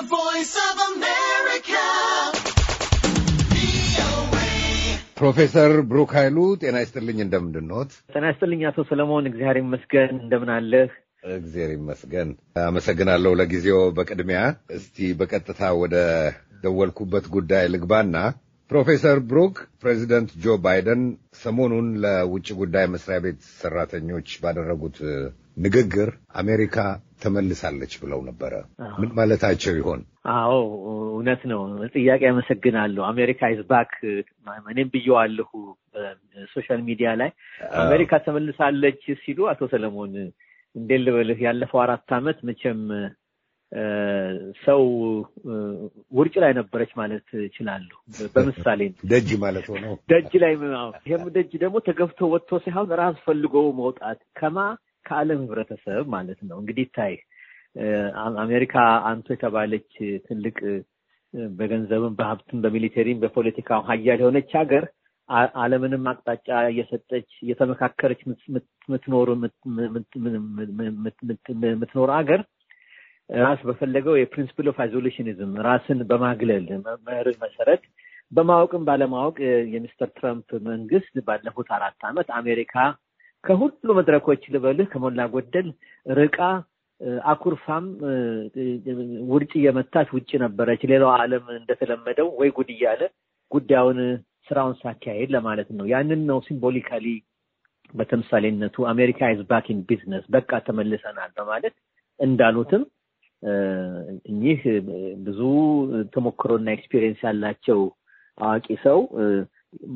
The Voice of America. ፕሮፌሰር ብሩክ ኃይሉ ጤና ይስጥልኝ። እንደምንድንኖት? ጤና ይስጥልኝ አቶ ሰለሞን እግዚአብሔር ይመስገን። እንደምን አለህ? እግዚአብሔር ይመስገን። አመሰግናለሁ። ለጊዜው በቅድሚያ እስቲ በቀጥታ ወደ ደወልኩበት ጉዳይ ልግባና ፕሮፌሰር ብሩክ ፕሬዚደንት ጆ ባይደን ሰሞኑን ለውጭ ጉዳይ መስሪያ ቤት ሰራተኞች ባደረጉት ንግግር አሜሪካ ተመልሳለች ብለው ነበረ። ምን ማለታቸው ይሆን? አዎ እውነት ነው። ጥያቄ አመሰግናለሁ። አሜሪካ ኢዝ ባክ እኔም ብየዋለሁ ሶሻል ሚዲያ ላይ አሜሪካ ተመልሳለች ሲሉ አቶ ሰለሞን እንዴት ልበልህ፣ ያለፈው አራት ዓመት መቼም ሰው ውርጭ ላይ ነበረች ማለት እችላለሁ። በምሳሌ ደጅ ማለት ሆነው ደጅ ላይ ይሄም ደጅ ደግሞ ተገፍቶ ወጥቶ ሳይሆን ራስ ፈልጎ መውጣት ከማ ከዓለም ህብረተሰብ ማለት ነው እንግዲህ ታይ አሜሪካ አንቱ የተባለች ትልቅ በገንዘብም በሀብትም በሚሊተሪም በፖለቲካ ሀያል የሆነች ሀገር ዓለምንም አቅጣጫ እየሰጠች እየተመካከረች ምትኖር ምትኖር ሀገር ራስ በፈለገው የፕሪንስፕል ኦፍ አይዞሌሽኒዝም ራስን በማግለል መርህ መሰረት በማወቅም ባለማወቅ የሚስተር ትራምፕ መንግስት ባለፉት አራት ዓመት አሜሪካ ከሁሉ መድረኮች ልበልህ ከሞላ ጎደል ርቃ አኩርፋም ውርጭ እየመታች ውጭ ነበረች። ሌላው ዓለም እንደተለመደው ወይ ጉድ እያለ ጉዳዩን ስራውን ሳካሄድ ለማለት ነው። ያንን ነው ሲምቦሊካሊ በተምሳሌነቱ አሜሪካ ኢዝ ባክ ኢን ቢዝነስ በቃ ተመልሰናል በማለት እንዳሉትም እኚህ ብዙ ተሞክሮና ኤክስፒሪየንስ ያላቸው አዋቂ ሰው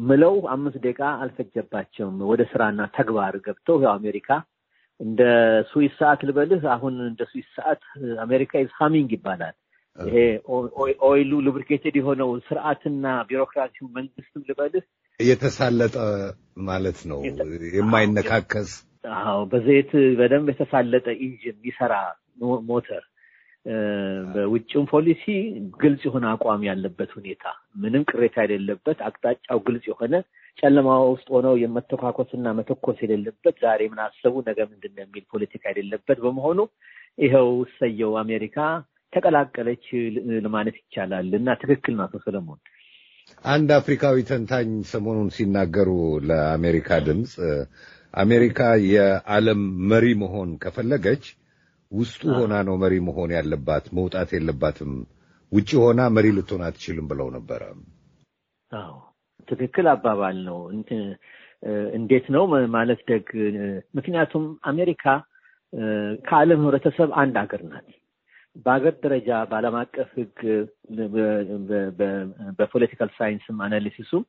ምለው አምስት ደቂቃ አልፈጀባቸውም። ወደ ስራና ተግባር ገብተው ያው አሜሪካ እንደ ስዊስ ሰዓት ልበልህ፣ አሁን እንደ ስዊስ ሰዓት አሜሪካ ኢዝ ሃሚንግ ይባላል። ይሄ ኦይሉ ሉብሪኬትድ የሆነው ስርዓትና ቢሮክራሲው መንግስትም ልበልህ የተሳለጠ ማለት ነው፣ የማይነካከስ አዎ፣ በዘይት በደንብ የተሳለጠ ኢንጂን የሚሰራ ሞተር በውጭም ፖሊሲ ግልጽ የሆነ አቋም ያለበት ሁኔታ ምንም ቅሬታ የሌለበት አቅጣጫው ግልጽ የሆነ ጨለማ ውስጥ ሆነው የመተኳኮስና መተኮስ የሌለበት ዛሬ ምን አሰቡ ነገ ምንድን ነው የሚል ፖለቲካ የሌለበት በመሆኑ ይኸው ሰየው አሜሪካ ተቀላቀለች ለማለት ይቻላል እና ትክክል ናቶ ሰለሞን። አንድ አፍሪካዊ ተንታኝ ሰሞኑን ሲናገሩ ለአሜሪካ ድምፅ አሜሪካ የዓለም መሪ መሆን ከፈለገች ውስጡ ሆና ነው መሪ መሆን ያለባት፣ መውጣት የለባትም። ውጭ ሆና መሪ ልትሆን አትችልም ብለው ነበረ። አዎ ትክክል አባባል ነው። እንዴት ነው ማለት ደግ። ምክንያቱም አሜሪካ ከዓለም ህብረተሰብ አንድ ሀገር ናት። በሀገር ደረጃ በዓለም አቀፍ ህግ፣ በፖለቲካል ሳይንስም አናሊሲሱም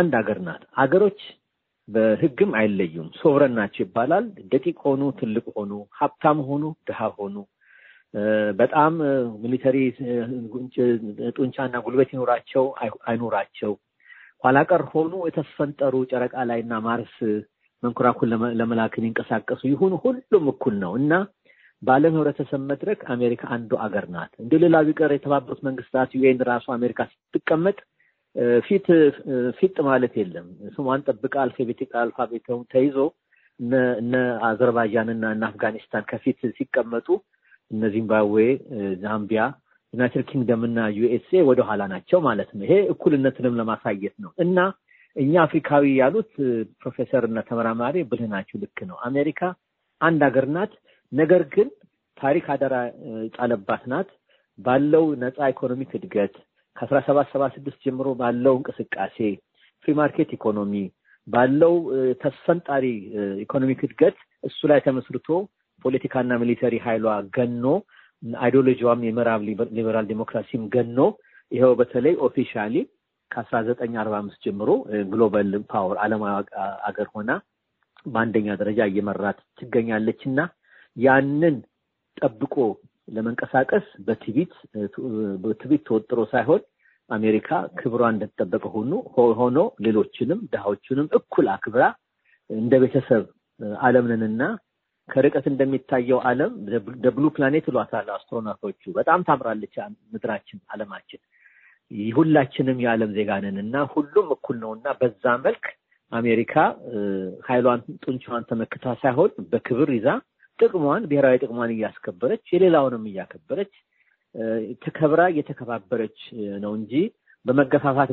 አንድ ሀገር ናት። ሀገሮች በህግም አይለዩም። ሶብረን ናቸው ይባላል። ደቂቅ ሆኑ፣ ትልቅ ሆኑ፣ ሀብታም ሆኑ፣ ድሃ ሆኑ፣ በጣም ሚሊተሪ ጡንቻና ጉልበት ይኖራቸው አይኖራቸው፣ ኋላቀር ሆኑ፣ የተፈንጠሩ ጨረቃ ላይና ማርስ መንኮራኩን ለመላክ ይንቀሳቀሱ ይሁኑ፣ ሁሉም እኩል ነው እና በዓለም ህብረተሰብ መድረክ አሜሪካ አንዱ አገር ናት። እንደ ሌላው ቢቀር የተባበሩት መንግስታት ዩኤን ራሱ አሜሪካ ስትቀመጥ ፊት ፊጥ ማለት የለም። ስሟን ጠብቃ አልፋቤቲክ አልፋቤቱን ተይዞ እነ አዘርባይጃን እና እነ አፍጋኒስታን ከፊት ሲቀመጡ እነ ዚምባብዌ፣ ዛምቢያ፣ ዩናይትድ ኪንግደም እና ዩኤስኤ ወደኋላ ናቸው ማለት ነው። ይሄ እኩልነትንም ለማሳየት ነው እና እኛ አፍሪካዊ ያሉት ፕሮፌሰር እና ተመራማሪ ብልህ ልክ ነው። አሜሪካ አንድ ሀገር ናት። ነገር ግን ታሪክ አደራ ጣለባት ናት ባለው ነፃ ኢኮኖሚክ እድገት ከአስራ ሰባት ሰባ ስድስት ጀምሮ ባለው እንቅስቃሴ ፍሪ ማርኬት ኢኮኖሚ ባለው ተስፈንጣሪ ኢኮኖሚክ እድገት እሱ ላይ ተመስርቶ ፖለቲካና ሚሊተሪ ኃይሏ ገኖ አይዲዮሎጂዋም የምዕራብ ሊበራል ዲሞክራሲም ገኖ ይኸው በተለይ ኦፊሻሊ ከአስራ ዘጠኝ አርባ አምስት ጀምሮ ግሎባል ፓወር አለማዊ አገር ሆና በአንደኛ ደረጃ እየመራት ትገኛለች እና ያንን ጠብቆ ለመንቀሳቀስ በትቢት ተወጥሮ ሳይሆን አሜሪካ ክብሯ እንደተጠበቀ ሆኖ ሌሎችንም ድሃዎችንም እኩል አክብራ እንደ ቤተሰብ ዓለም ከርቀት እንደሚታየው ዓለም ደብሉ ፕላኔት ይሏታል አስትሮናቶቹ። በጣም ታምራለች ምድራችን፣ ዓለማችን። ሁላችንም የዓለም ዜጋ ነን እና ሁሉም እኩል ነው እና በዛ መልክ አሜሪካ ኃይሏን ጡንቻዋን ተመክታ ሳይሆን በክብር ይዛ ጥቅሟን ብሔራዊ ጥቅሟን እያስከበረች የሌላውንም እያከበረች ተከብራ እየተከባበረች ነው እንጂ በመገፋፋት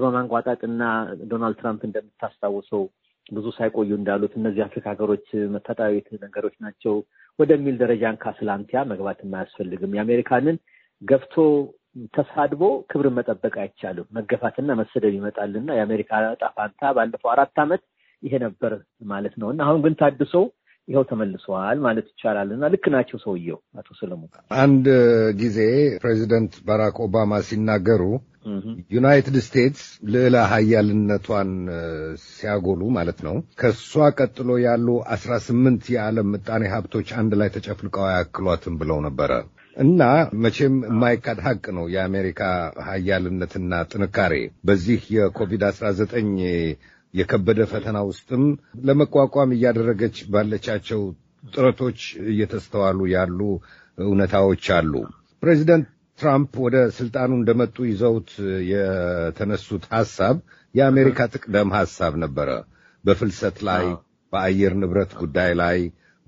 እና ዶናልድ ትራምፕ እንደምታስታውሰው ብዙ ሳይቆዩ እንዳሉት እነዚህ አፍሪካ ሀገሮች መታጣዊት ነገሮች ናቸው ወደሚል ደረጃ እንካ ስላንቲያ አያስፈልግም። የአሜሪካንን ገፍቶ ተሳድቦ ክብርን መጠበቅ አይቻልም። መገፋትና መሰደብ ይመጣልና የአሜሪካ ጣፋንታ ባለፈው አራት ዓመት ይሄ ነበር ማለት ነው እና አሁን ግን ታድሶ ይኸው ተመልሰዋል ማለት ይቻላል። እና ልክ ናቸው ሰውየው አቶ ሰለሞን። አንድ ጊዜ ፕሬዚደንት ባራክ ኦባማ ሲናገሩ ዩናይትድ ስቴትስ ልዕለ ሀያልነቷን ሲያጎሉ ማለት ነው ከእሷ ቀጥሎ ያሉ አስራ ስምንት የዓለም ምጣኔ ሀብቶች አንድ ላይ ተጨፍልቀው አያክሏትም ብለው ነበረ እና መቼም የማይካድ ሀቅ ነው የአሜሪካ ሀያልነትና ጥንካሬ በዚህ የኮቪድ አስራ ዘጠኝ የከበደ ፈተና ውስጥም ለመቋቋም እያደረገች ባለቻቸው ጥረቶች እየተስተዋሉ ያሉ እውነታዎች አሉ። ፕሬዚደንት ትራምፕ ወደ ስልጣኑ እንደመጡ ይዘውት የተነሱት ሐሳብ የአሜሪካ ጥቅደም ሐሳብ ነበረ። በፍልሰት ላይ፣ በአየር ንብረት ጉዳይ ላይ፣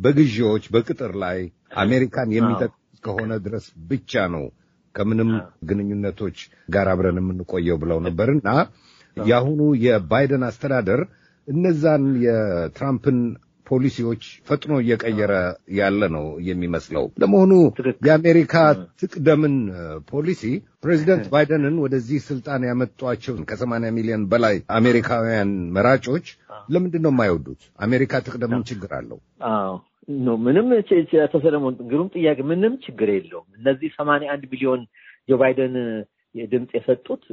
በግዢዎች፣ በቅጥር ላይ አሜሪካን የሚጠቅም ከሆነ ድረስ ብቻ ነው ከምንም ግንኙነቶች ጋር አብረን የምንቆየው ብለው ነበር እና የአሁኑ የባይደን አስተዳደር እነዛን የትራምፕን ፖሊሲዎች ፈጥኖ እየቀየረ ያለ ነው የሚመስለው። ለመሆኑ የአሜሪካ ትቅደምን ፖሊሲ ፕሬዚደንት ባይደንን ወደዚህ ስልጣን ያመጧቸውን ከሰማንያ ሚሊዮን በላይ አሜሪካውያን መራጮች ለምንድን ነው የማይወዱት? አሜሪካ ትቅደምን ችግር አለው? አዎ ምንም አቶ ሰለሞን ግሩም ጥያቄ። ምንም ችግር የለውም። እነዚህ ሰማንያ አንድ ሚሊዮን የባይደን ድምፅ የሰጡት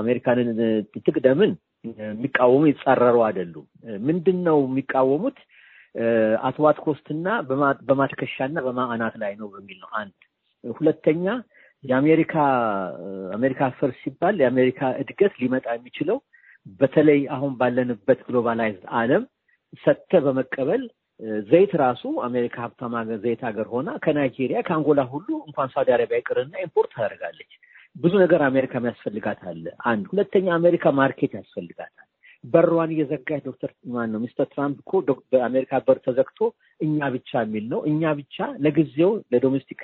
አሜሪካንን ትቅደምን የሚቃወሙ የተጻረሩ አይደሉም። ምንድን ነው የሚቃወሙት? አትዋት ኮስትና በማትከሻና በማዕናት ላይ ነው በሚል ነው። አንድ ሁለተኛ የአሜሪካ አሜሪካ ፈርስ ሲባል የአሜሪካ እድገት ሊመጣ የሚችለው በተለይ አሁን ባለንበት ግሎባላይዝድ ዓለም ሰተ በመቀበል ዘይት ራሱ አሜሪካ ሀብታም ዘይት ሀገር ሆና ከናይጄሪያ ከአንጎላ ሁሉ እንኳን ሳውዲ አረቢያ ይቅርና ኢምፖርት ታደርጋለች። ብዙ ነገር አሜሪካ አለ። አንድ ሁለተኛ አሜሪካ ማርኬት ያስፈልጋታል። በሯን እየዘጋች ዶክተር ማን ነው ሚስተር ትራምፕ እኮ በአሜሪካ በር ተዘግቶ እኛ ብቻ የሚል ነው። እኛ ብቻ ለጊዜው ለዶሜስቲክ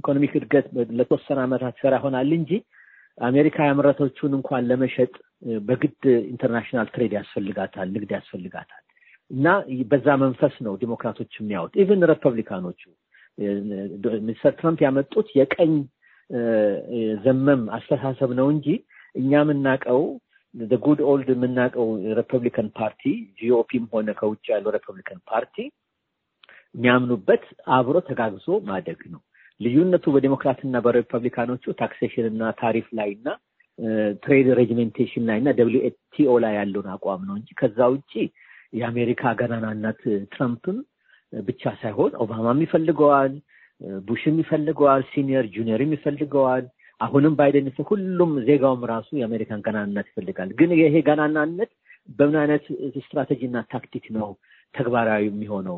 ኢኮኖሚክ እድገት ለተወሰነ ዓመታት ሰራ ይሆናል እንጂ አሜሪካ ያመረተችውን እንኳን ለመሸጥ በግድ ኢንተርናሽናል ትሬድ ያስፈልጋታል፣ ንግድ ያስፈልጋታል። እና በዛ መንፈስ ነው ዲሞክራቶች የሚያወጡ ኢቨን ሪፐብሊካኖቹ ሚስተር ትራምፕ ያመጡት የቀኝ ዘመም አስተሳሰብ ነው እንጂ እኛ የምናውቀው ጉድ ኦልድ የምናውቀው ሪፐብሊካን ፓርቲ ጂኦፒም ሆነ ከውጭ ያለው ሪፐብሊካን ፓርቲ የሚያምኑበት አብሮ ተጋግዞ ማደግ ነው። ልዩነቱ በዴሞክራትና በሪፐብሊካኖቹ ታክሴሽን እና ታሪፍ ላይ እና ትሬድ ሬጅሜንቴሽን ላይ እና ደብሊው ላይ ያለውን አቋም ነው እንጂ ከዛ ውጭ የአሜሪካ ገናናነት ትራምፕም ብቻ ሳይሆን ኦባማም ይፈልገዋል፣ ቡሽም ይፈልገዋል፣ ሲኒየር ጁኒየርም ይፈልገዋል። አሁንም ባይደን ሁሉም ዜጋውም ራሱ የአሜሪካን ገናናነት ይፈልጋል። ግን ይሄ ገናናነት በምን አይነት ስትራቴጂና ታክቲክ ነው ተግባራዊ የሚሆነው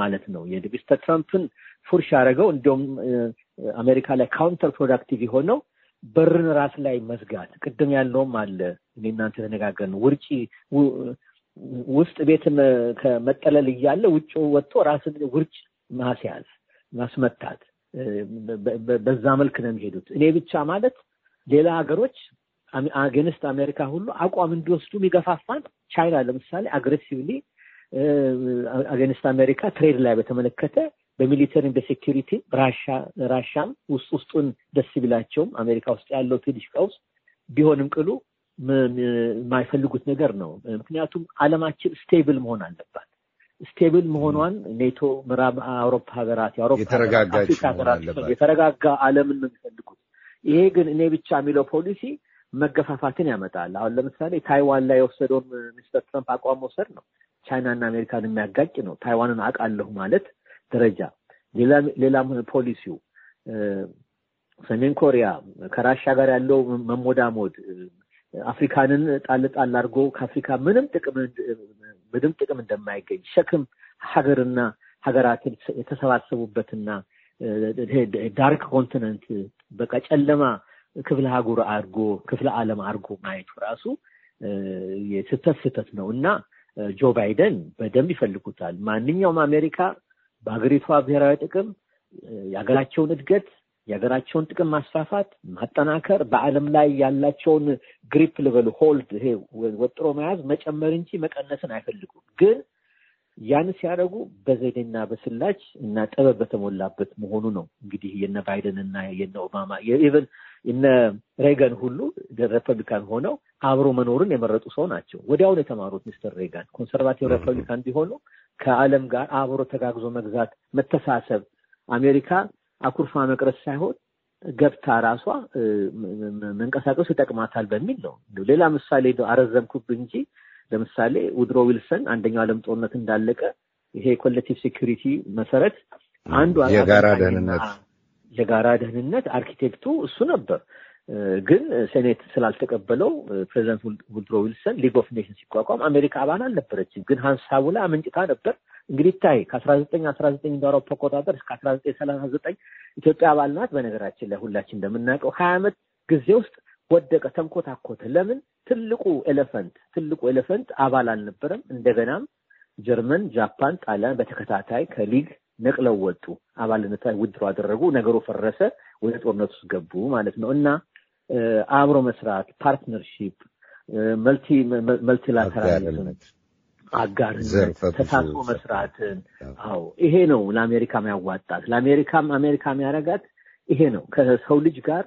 ማለት ነው። የሚስተር ትራምፕን ፉርሽ ያደረገው እንዲሁም አሜሪካ ላይ ካውንተር ፕሮዳክቲቭ የሆነው በርን ራስ ላይ መዝጋት ቅድም ያለውም አለ እናንተ የተነጋገርን ውርጭ ውስጥ ቤት ከመጠለል እያለ ውጭ ወጥቶ ራስን ውርጭ ማስያዝ ማስመታት በዛ መልክ ነው የሚሄዱት። እኔ ብቻ ማለት ሌላ ሀገሮች አገንስት አሜሪካ ሁሉ አቋም እንዲወስዱ የሚገፋፋን ቻይና ለምሳሌ አግሬሲቭሊ አገንስት አሜሪካ ትሬድ ላይ በተመለከተ በሚሊተሪም በሴኪሪቲ ራሻም ውስጥ ውስጡን ደስ ቢላቸውም አሜሪካ ውስጥ ያለው ትንሽ ቀውስ ቢሆንም ቅሉ የማይፈልጉት ነገር ነው። ምክንያቱም አለማችን ስቴብል መሆን አለባት። ስቴብል መሆኗን ኔቶ፣ ምዕራብ አውሮፓ ሀገራት፣ የአውሮፓ ሀገራት የተረጋጋ ዓለምን ነው የሚፈልጉት። ይሄ ግን እኔ ብቻ የሚለው ፖሊሲ መገፋፋትን ያመጣል። አሁን ለምሳሌ ታይዋን ላይ የወሰደውን ሚስተር ትረምፕ አቋም መውሰድ ነው ቻይናና አሜሪካን የሚያጋጭ ነው። ታይዋንን አውቃለሁ ማለት ደረጃ ሌላም ፖሊሲው ሰሜን ኮሪያ ከራሻ ጋር ያለው መሞዳሞድ አፍሪካንን ጣል ጣል አድርጎ ከአፍሪካ ምንም ጥቅም ምንም ጥቅም እንደማይገኝ ሸክም ሀገርና ሀገራትን የተሰባሰቡበትና ዳርክ ኮንቲነንት በቃ ጨለማ ክፍለ ሀጉር አድርጎ ክፍለ ዓለም አድርጎ ማየቱ ራሱ የስህተት ስህተት ነው እና ጆ ባይደን በደንብ ይፈልጉታል። ማንኛውም አሜሪካ በሀገሪቷ ብሔራዊ ጥቅም የሀገራቸውን እድገት የሀገራቸውን ጥቅም ማስፋፋት፣ ማጠናከር፣ በዓለም ላይ ያላቸውን ግሪፕ ልበል ሆልድ ይሄ ወጥሮ መያዝ መጨመር እንጂ መቀነስን አይፈልጉም። ግን ያን ሲያደርጉ በዘዴና በስላች እና ጥበብ በተሞላበት መሆኑ ነው። እንግዲህ የነ ባይደን እና የነ ኦባማ ኢቨን እነ ሬገን ሁሉ ሪፐብሊካን ሆነው አብሮ መኖርን የመረጡ ሰው ናቸው። ወዲያውን የተማሩት ሚስተር ሬጋን ኮንሰርቫቲቭ ሪፐብሊካን ቢሆኑ ከዓለም ጋር አብሮ ተጋግዞ መግዛት፣ መተሳሰብ አሜሪካ አኩርፋ መቅረት ሳይሆን ገብታ ራሷ መንቀሳቀሱ ይጠቅማታል በሚል ነው። ሌላ ምሳሌ አረዘምኩብ እንጂ ለምሳሌ ውድሮ ዊልሰን አንደኛው ዓለም ጦርነት እንዳለቀ ይሄ የኮሌክቲቭ ሴኩሪቲ መሰረት አንዱ የጋራ ደህንነት የጋራ ደህንነት አርኪቴክቱ እሱ ነበር። ግን ሴኔት ስላልተቀበለው ፕሬዚደንት ውድሮ ዊልሰን ሊግ ኦፍ ኔሽን ሲቋቋም አሜሪካ አባል አልነበረችም። ግን ሀሳቡ ላይ አመንጭታ ነበር። እንግዲህ ታይ ከአስራ ዘጠኝ አስራ ዘጠኝ እንደ አውሮፓ አቆጣጠር እስከ አስራ ዘጠኝ ሰላሳ ዘጠኝ ኢትዮጵያ አባል ናት። በነገራችን ላይ ሁላችን እንደምናውቀው ሀያ ዓመት ጊዜ ውስጥ ወደቀ፣ ተንኮታኮተ። ለምን ትልቁ ኤሌፈንት ትልቁ ኤሌፈንት አባል አልነበረም። እንደገናም ጀርመን፣ ጃፓን፣ ጣሊያን በተከታታይ ከሊግ ነቅለው ወጡ። አባልነት ውድሮ አደረጉ። ነገሩ ፈረሰ። ወደ ጦርነት ውስጥ ገቡ ማለት ነው እና አብሮ መስራት ፓርትነርሺፕ መልቲ መልቲላተራል አጋርነት፣ ተሳትፎ መስራትን። አዎ ይሄ ነው ለአሜሪካ ያዋጣት። ለአሜሪካም አሜሪካ ያደረጋት ይሄ ነው። ከሰው ልጅ ጋር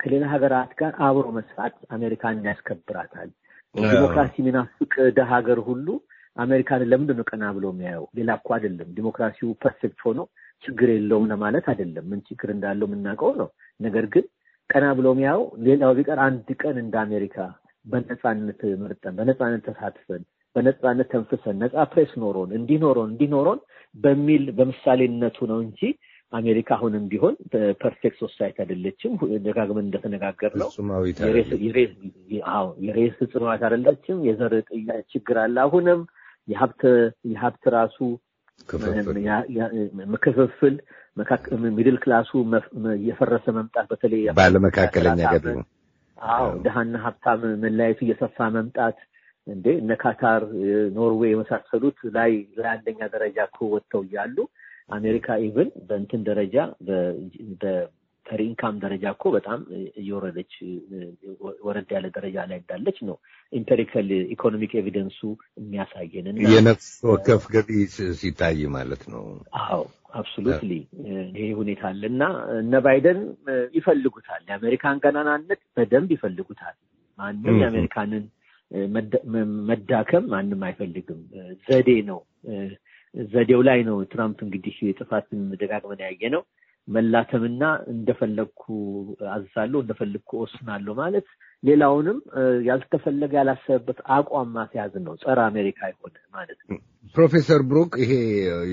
ከሌላ ሀገራት ጋር አብሮ መስራት አሜሪካን ያስከብራታል። ዲሞክራሲ የሚናፍቅ ደሃ ሀገር ሁሉ አሜሪካን ለምንድን ነው ቀና ብሎ የሚያየው? ሌላ እኮ አይደለም። ዲሞክራሲው ፐርፌክት ሆኖ ችግር የለውም ለማለት አይደለም። ምን ችግር እንዳለው የምናውቀው ነው። ነገር ግን ቀና ብሎ የሚያየው ሌላው ቢቀር አንድ ቀን እንደ አሜሪካ በነፃነት መርጠን በነፃነት ተሳትፈን በነፃነት ተንፍሰን ነፃ ፕሬስ ኖሮን እንዲኖሮን እንዲኖሮን በሚል በምሳሌነቱ ነው እንጂ አሜሪካ አሁንም ቢሆን ፐርፌክት ሶሳይት አይደለችም። ደጋግመን እንደተነጋገር ነው የሬስ ጽኗት አይደለችም። የዘር ጥያ ችግር አለ። አሁንም የሀብት ራሱ ክፍፍል ሚድል ክላሱ እየፈረሰ መምጣት በተለይ ባለመካከለኛ ገቢ ድሃና ሀብታም መለያየቱ እየሰፋ መምጣት እንዴ እነ ካታር፣ ኖርዌይ የመሳሰሉት ላይ ለአንደኛ ደረጃ እኮ ወጥተው እያሉ አሜሪካ ኢቭን በእንትን ደረጃ በፐር ኢንካም ደረጃ እኮ በጣም እየወረደች ወረድ ያለ ደረጃ ላይ እንዳለች ነው ኢምፔሪካል ኢኮኖሚክ ኤቪደንሱ የሚያሳየን እና የነፍስ ወከፍ ገቢ ሲታይ ማለት ነው። አዎ አብሶሉትሊ ይሄ ሁኔታ አለ እና እነ ባይደን ይፈልጉታል። የአሜሪካን ገናናነት በደንብ ይፈልጉታል። ማንም የአሜሪካንን መዳከም ማንም አይፈልግም። ዘዴ ነው። ዘዴው ላይ ነው ትራምፕ እንግዲህ ጥፋትን ደጋግመን ያየ ነው መላተምና እንደፈለግኩ አዝሳለሁ እንደፈለግኩ ወስናለሁ ማለት ሌላውንም ያልተፈለገ ያላሰበበት አቋም ማስያዝ ነው፣ ጸረ አሜሪካ የሆነ ማለት ነው። ፕሮፌሰር ብሩክ ይሄ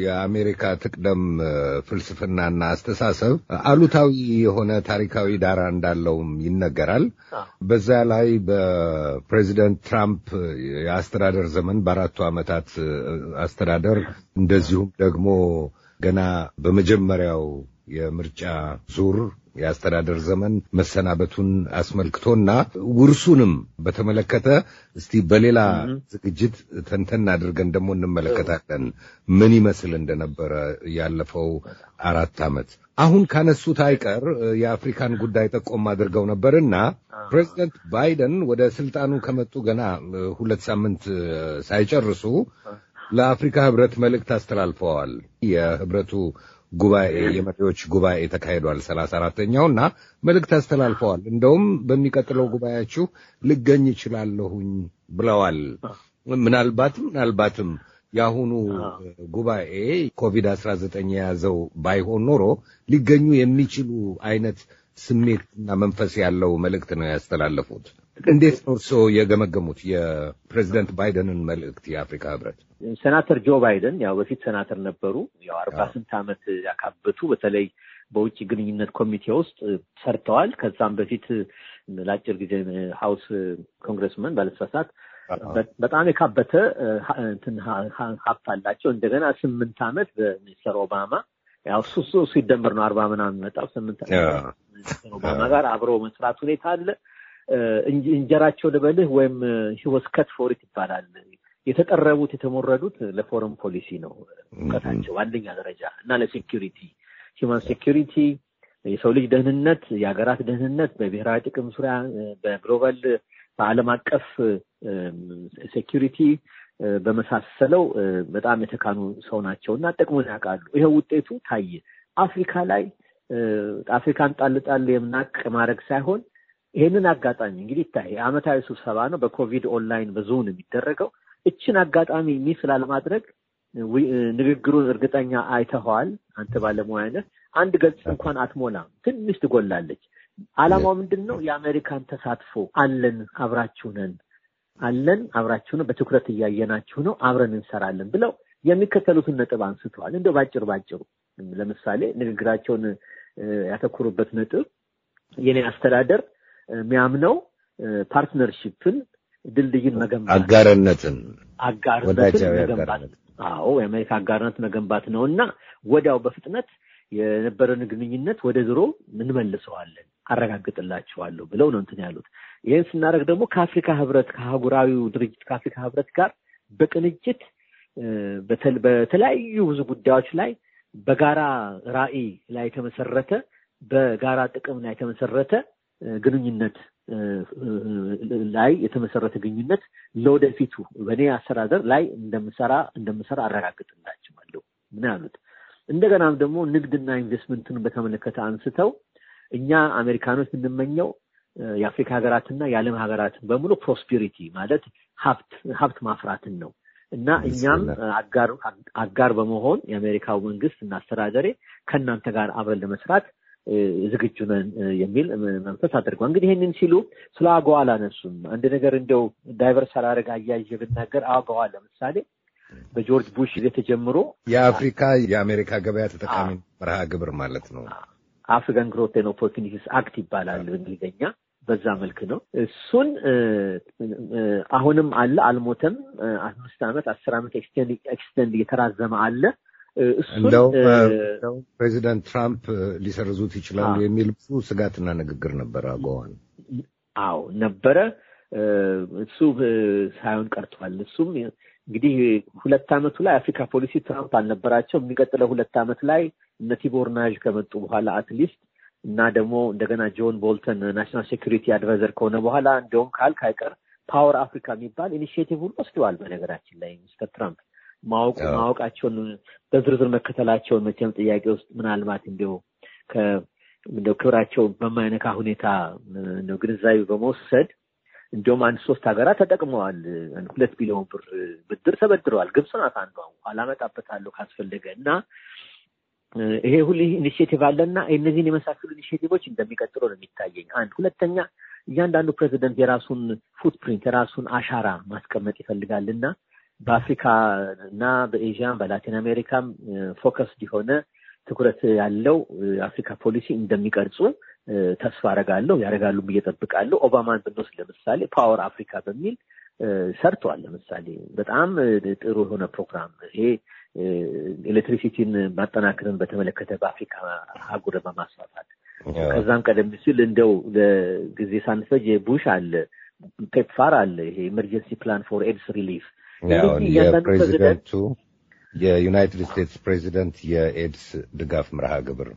የአሜሪካ ትቅደም ፍልስፍናና አስተሳሰብ አሉታዊ የሆነ ታሪካዊ ዳራ እንዳለውም ይነገራል። በዛ ላይ በፕሬዚደንት ትራምፕ የአስተዳደር ዘመን በአራቱ ዓመታት አስተዳደር እንደዚሁም ደግሞ ገና በመጀመሪያው የምርጫ ዙር የአስተዳደር ዘመን መሰናበቱን አስመልክቶና ውርሱንም በተመለከተ እስቲ በሌላ ዝግጅት ተንተን አድርገን ደግሞ እንመለከታለን። ምን ይመስል እንደነበረ ያለፈው አራት ዓመት አሁን ካነሱት አይቀር የአፍሪካን ጉዳይ ጠቆም አድርገው ነበርና ፕሬዚደንት ባይደን ወደ ስልጣኑ ከመጡ ገና ሁለት ሳምንት ሳይጨርሱ ለአፍሪካ ህብረት መልእክት አስተላልፈዋል። የህብረቱ ጉባኤ የመሪዎች ጉባኤ ተካሂዷል። ሰላሳ አራተኛው እና መልእክት አስተላልፈዋል። እንደውም በሚቀጥለው ጉባኤያችሁ ልገኝ ይችላለሁኝ ብለዋል። ምናልባትም ምናልባትም የአሁኑ ጉባኤ ኮቪድ አስራ ዘጠኝ የያዘው ባይሆን ኖሮ ሊገኙ የሚችሉ አይነት ስሜትና መንፈስ ያለው መልእክት ነው ያስተላለፉት። እንዴት ነው እርስዎ የገመገሙት የፕሬዚደንት ባይደንን መልእክት የአፍሪካ ህብረት? ሴናተር ጆ ባይደን ያው በፊት ሴናተር ነበሩ። ያው አርባ ስንት ዓመት ያካበቱ በተለይ በውጭ ግንኙነት ኮሚቴ ውስጥ ሰርተዋል። ከዛም በፊት ለአጭር ጊዜ ሀውስ ኮንግረስመን ባለስሳት በጣም የካበተ ሀብት አላቸው። እንደገና ስምንት ዓመት በሚኒስተር ኦባማ ያው እሱ እሱ ነው አርባ ምናምን የሚመጣው። ስምንት ኦባማ ጋር አብሮ መስራት ሁኔታ አለ እንጀራቸው ልበልህ ወይም ሂወስ ከት ፎሪት ይባላል። የተጠረቡት የተሞረዱት ለፎረን ፖሊሲ ነው እውቀታቸው አንደኛ ደረጃ እና ለሴኪሪቲ ሂማን ሴኪሪቲ የሰው ልጅ ደህንነት፣ የሀገራት ደህንነት በብሔራዊ ጥቅም ዙሪያ በግሎባል በአለም አቀፍ ሴኪሪቲ በመሳሰለው በጣም የተካኑ ሰው ናቸው እና ጥቅሙን ያውቃሉ። ይሄ ውጤቱ ታየ። አፍሪካ ላይ አፍሪካን ጣልጣል የምናቅ ማድረግ ሳይሆን ይህንን አጋጣሚ እንግዲህ ይታይ የአመታዊ ስብሰባ ነው በኮቪድ ኦንላይን በዙም የሚደረገው። እችን አጋጣሚ ሚስ ላለማድረግ ንግግሩን እርግጠኛ አይተኸዋል አንተ ባለሙያነት። አንድ ገጽ እንኳን አትሞላም፣ ትንሽ ትጎላለች። አላማው ምንድን ነው? የአሜሪካን ተሳትፎ አለን፣ አብራችሁነን አለን፣ አብራችሁ በትኩረት እያየናችሁ ነው፣ አብረን እንሰራለን ብለው የሚከተሉትን ነጥብ አንስተዋል። እንደው ባጭር ባጭሩ ለምሳሌ ንግግራቸውን ያተኩሩበት ነጥብ የኔ አስተዳደር የሚያምነው ፓርትነርሽፕን፣ ድልድይን መገንባት፣ አጋርነትን አጋርነትን መገንባት አዎ የአሜሪካ አጋርነት መገንባት ነው እና ወዲያው በፍጥነት የነበረን ግንኙነት ወደ ድሮ እንመልሰዋለን አረጋግጥላቸዋለሁ ብለው ነው እንትን ያሉት። ይህን ስናደርግ ደግሞ ከአፍሪካ ህብረት ከአህጉራዊው ድርጅት ከአፍሪካ ህብረት ጋር በቅንጅት በተለያዩ ብዙ ጉዳዮች ላይ በጋራ ራዕይ ላይ የተመሰረተ በጋራ ጥቅም ላይ የተመሰረተ ግንኙነት ላይ የተመሰረተ ግንኙነት ለወደፊቱ በእኔ አስተዳደር ላይ እንደምሰራ እንደምሰራ አረጋግጥላቸዋለሁ ምን ያሉት። እንደገናም ደግሞ ንግድና ኢንቨስትመንትን በተመለከተ አንስተው እኛ አሜሪካኖች የምንመኘው የአፍሪካ ሀገራትና የዓለም ሀገራትን በሙሉ ፕሮስፔሪቲ ማለት ሀብት ማፍራትን ነው እና እኛም አጋር በመሆን የአሜሪካው መንግስት እና አስተዳደሬ ከእናንተ ጋር አብረን ለመስራት ዝግጁ ነን የሚል መንፈስ አድርጓል። እንግዲህ ይህንን ሲሉ ስለ አገዋ አላነሱም። አንድ ነገር እንደው ዳይቨርስ አላደረግ አያይዤ ብናገር አገዋ ለምሳሌ በጆርጅ ቡሽ ጊዜ ተጀምሮ የአፍሪካ የአሜሪካ ገበያ ተጠቃሚ መርሃ ግብር ማለት ነው። አፍሪካን ግሮት ኤንድ ኦፖርቹኒቲስ አክት ይባላል በእንግሊዝኛ። በዛ መልክ ነው። እሱን አሁንም አለ፣ አልሞተም። አምስት ዓመት አስር ዓመት ኤክስቴንድ እየተራዘመ አለ። እንደው ፕሬዚዳንት ትራምፕ ሊሰርዙት ይችላሉ የሚል ብዙ ስጋትና ንግግር ነበረ። አጎዋን አዎ ነበረ። እሱ ሳይሆን ቀርቷል። እሱም እንግዲህ ሁለት ዓመቱ ላይ አፍሪካ ፖሊሲ ትራምፕ አልነበራቸው። የሚቀጥለው ሁለት ዓመት ላይ እነ ቲቦር ናዥ ከመጡ በኋላ አትሊስት እና ደግሞ እንደገና ጆን ቦልተን ናሽናል ሴኩሪቲ አድቫይዘር ከሆነ በኋላ እንዲሁም ካልክ አይቀር ፓወር አፍሪካ የሚባል ኢኒሽቲቭ ሁሉ ወስደዋል። በነገራችን ላይ ሚስተር ትራምፕ ማወቁ ማወቃቸውን በዝርዝር መከተላቸውን መቼም ጥያቄ ውስጥ ምናልባት እንዲው እንደው ክብራቸው በማይነካ ሁኔታ ግንዛቤ በመውሰድ እንዲሁም አንድ ሶስት ሀገራት ተጠቅመዋል። ሁለት ቢሊዮን ብር ብድር ተበድረዋል። ግብጽ ናት አንዷ። ኋላ እመጣበታለሁ ካስፈለገ እና ይሄ ሁሉ ኢኒሽቲቭ አለና እነዚህን የመሳሰሉ ኢኒሽቲቮች እንደሚቀጥሉ ነው የሚታየኝ። አንድ ሁለተኛ፣ እያንዳንዱ ፕሬዚደንት የራሱን ፉትፕሪንት የራሱን አሻራ ማስቀመጥ ይፈልጋልና በአፍሪካ እና በኤዥያም በላቲን አሜሪካም ፎከስ የሆነ ትኩረት ያለው አፍሪካ ፖሊሲ እንደሚቀርጹ ተስፋ አረጋለሁ። ያደረጋሉ ብዬ እጠብቃለሁ። ኦባማን ብንወስድ ለምሳሌ ፓወር አፍሪካ በሚል ሰርቷል። ለምሳሌ በጣም ጥሩ የሆነ ፕሮግራም ይሄ ኤሌክትሪሲቲን ማጠናከርን በተመለከተ በአፍሪካ አህጉር በማስፋፋት ከዛም ቀደም ሲል እንደው ለጊዜ ሳንፈጅ የቡሽ አለ ፔፕፋር አለ ይሄ ኤመርጀንሲ ፕላን ፎር ኤድስ ሪሊፍ የፕሬዚደንቱ የዩናይትድ ስቴትስ ፕሬዚደንት የኤድስ ድጋፍ መርሃ ግብር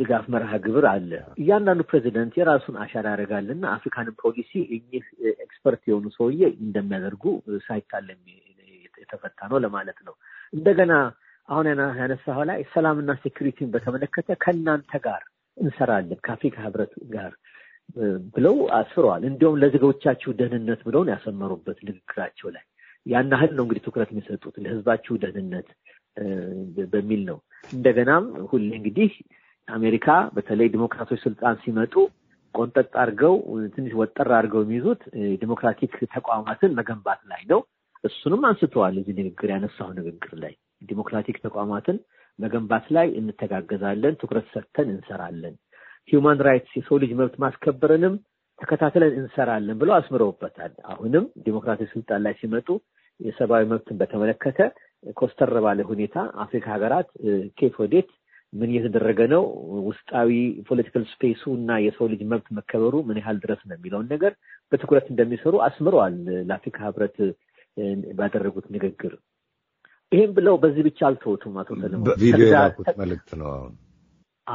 ድጋፍ መርሃ ግብር አለ። እያንዳንዱ ፕሬዚደንት የራሱን አሻራ ያደርጋልና አፍሪካንን ፖሊሲ እኚህ ኤክስፐርት የሆኑ ሰውዬ እንደሚያደርጉ ሳይታለም የተፈታ ነው ለማለት ነው። እንደገና አሁን ያነሳኸው ላይ ሰላምና ሴኩሪቲን በተመለከተ ከእናንተ ጋር እንሰራለን ከአፍሪካ ህብረት ጋር ብለው አስፍረዋል። እንዲሁም ለዜጎቻችሁ ደህንነት ብለውን ያሰመሩበት ንግግራቸው ላይ ያን ያህል ነው እንግዲህ ትኩረት የሚሰጡት ለህዝባችሁ ደህንነት በሚል ነው። እንደገናም ሁሌ እንግዲህ አሜሪካ በተለይ ዲሞክራቶች ስልጣን ሲመጡ ቆንጠጥ አድርገው ትንሽ ወጠር አድርገው የሚይዙት ዲሞክራቲክ ተቋማትን መገንባት ላይ ነው። እሱንም አንስተዋል እዚህ ንግግር ያነሳው ንግግር ላይ ዲሞክራቲክ ተቋማትን መገንባት ላይ እንተጋገዛለን፣ ትኩረት ሰጥተን እንሰራለን፣ ሂውማን ራይትስ የሰው ልጅ መብት ማስከበርንም ተከታትለን እንሰራለን ብለው አስምረውበታል። አሁንም ዲሞክራሲ ስልጣን ላይ ሲመጡ የሰብአዊ መብትን በተመለከተ ኮስተር ባለ ሁኔታ አፍሪካ ሀገራት ኬት ወዴት ምን እየተደረገ ነው፣ ውስጣዊ ፖለቲካል ስፔሱ እና የሰው ልጅ መብት መከበሩ ምን ያህል ድረስ ነው የሚለውን ነገር በትኩረት እንደሚሰሩ አስምረዋል ለአፍሪካ ህብረት ባደረጉት ንግግር። ይህም ብለው በዚህ ብቻ አልተወቱም። አቶ ሰለሞን የላኩት መልእክት ነው።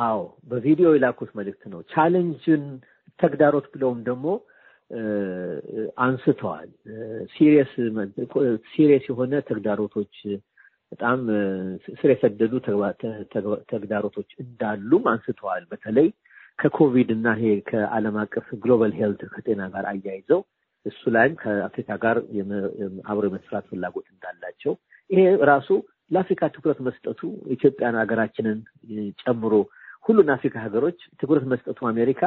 አዎ በቪዲዮ የላኩት መልእክት ነው። ቻሌንጅን ተግዳሮት ብለውም ደግሞ አንስተዋል። ሲሪየስ የሆነ ተግዳሮቶች በጣም ስር የሰደዱ ተግዳሮቶች እንዳሉም አንስተዋል። በተለይ ከኮቪድ እና ይሄ ከዓለም አቀፍ ግሎባል ሄልት ከጤና ጋር አያይዘው እሱ ላይም ከአፍሪካ ጋር አብሮ የመስራት ፍላጎት እንዳላቸው ይሄ ራሱ ለአፍሪካ ትኩረት መስጠቱ ኢትዮጵያን ሀገራችንን ጨምሮ ሁሉን አፍሪካ ሀገሮች ትኩረት መስጠቱ አሜሪካ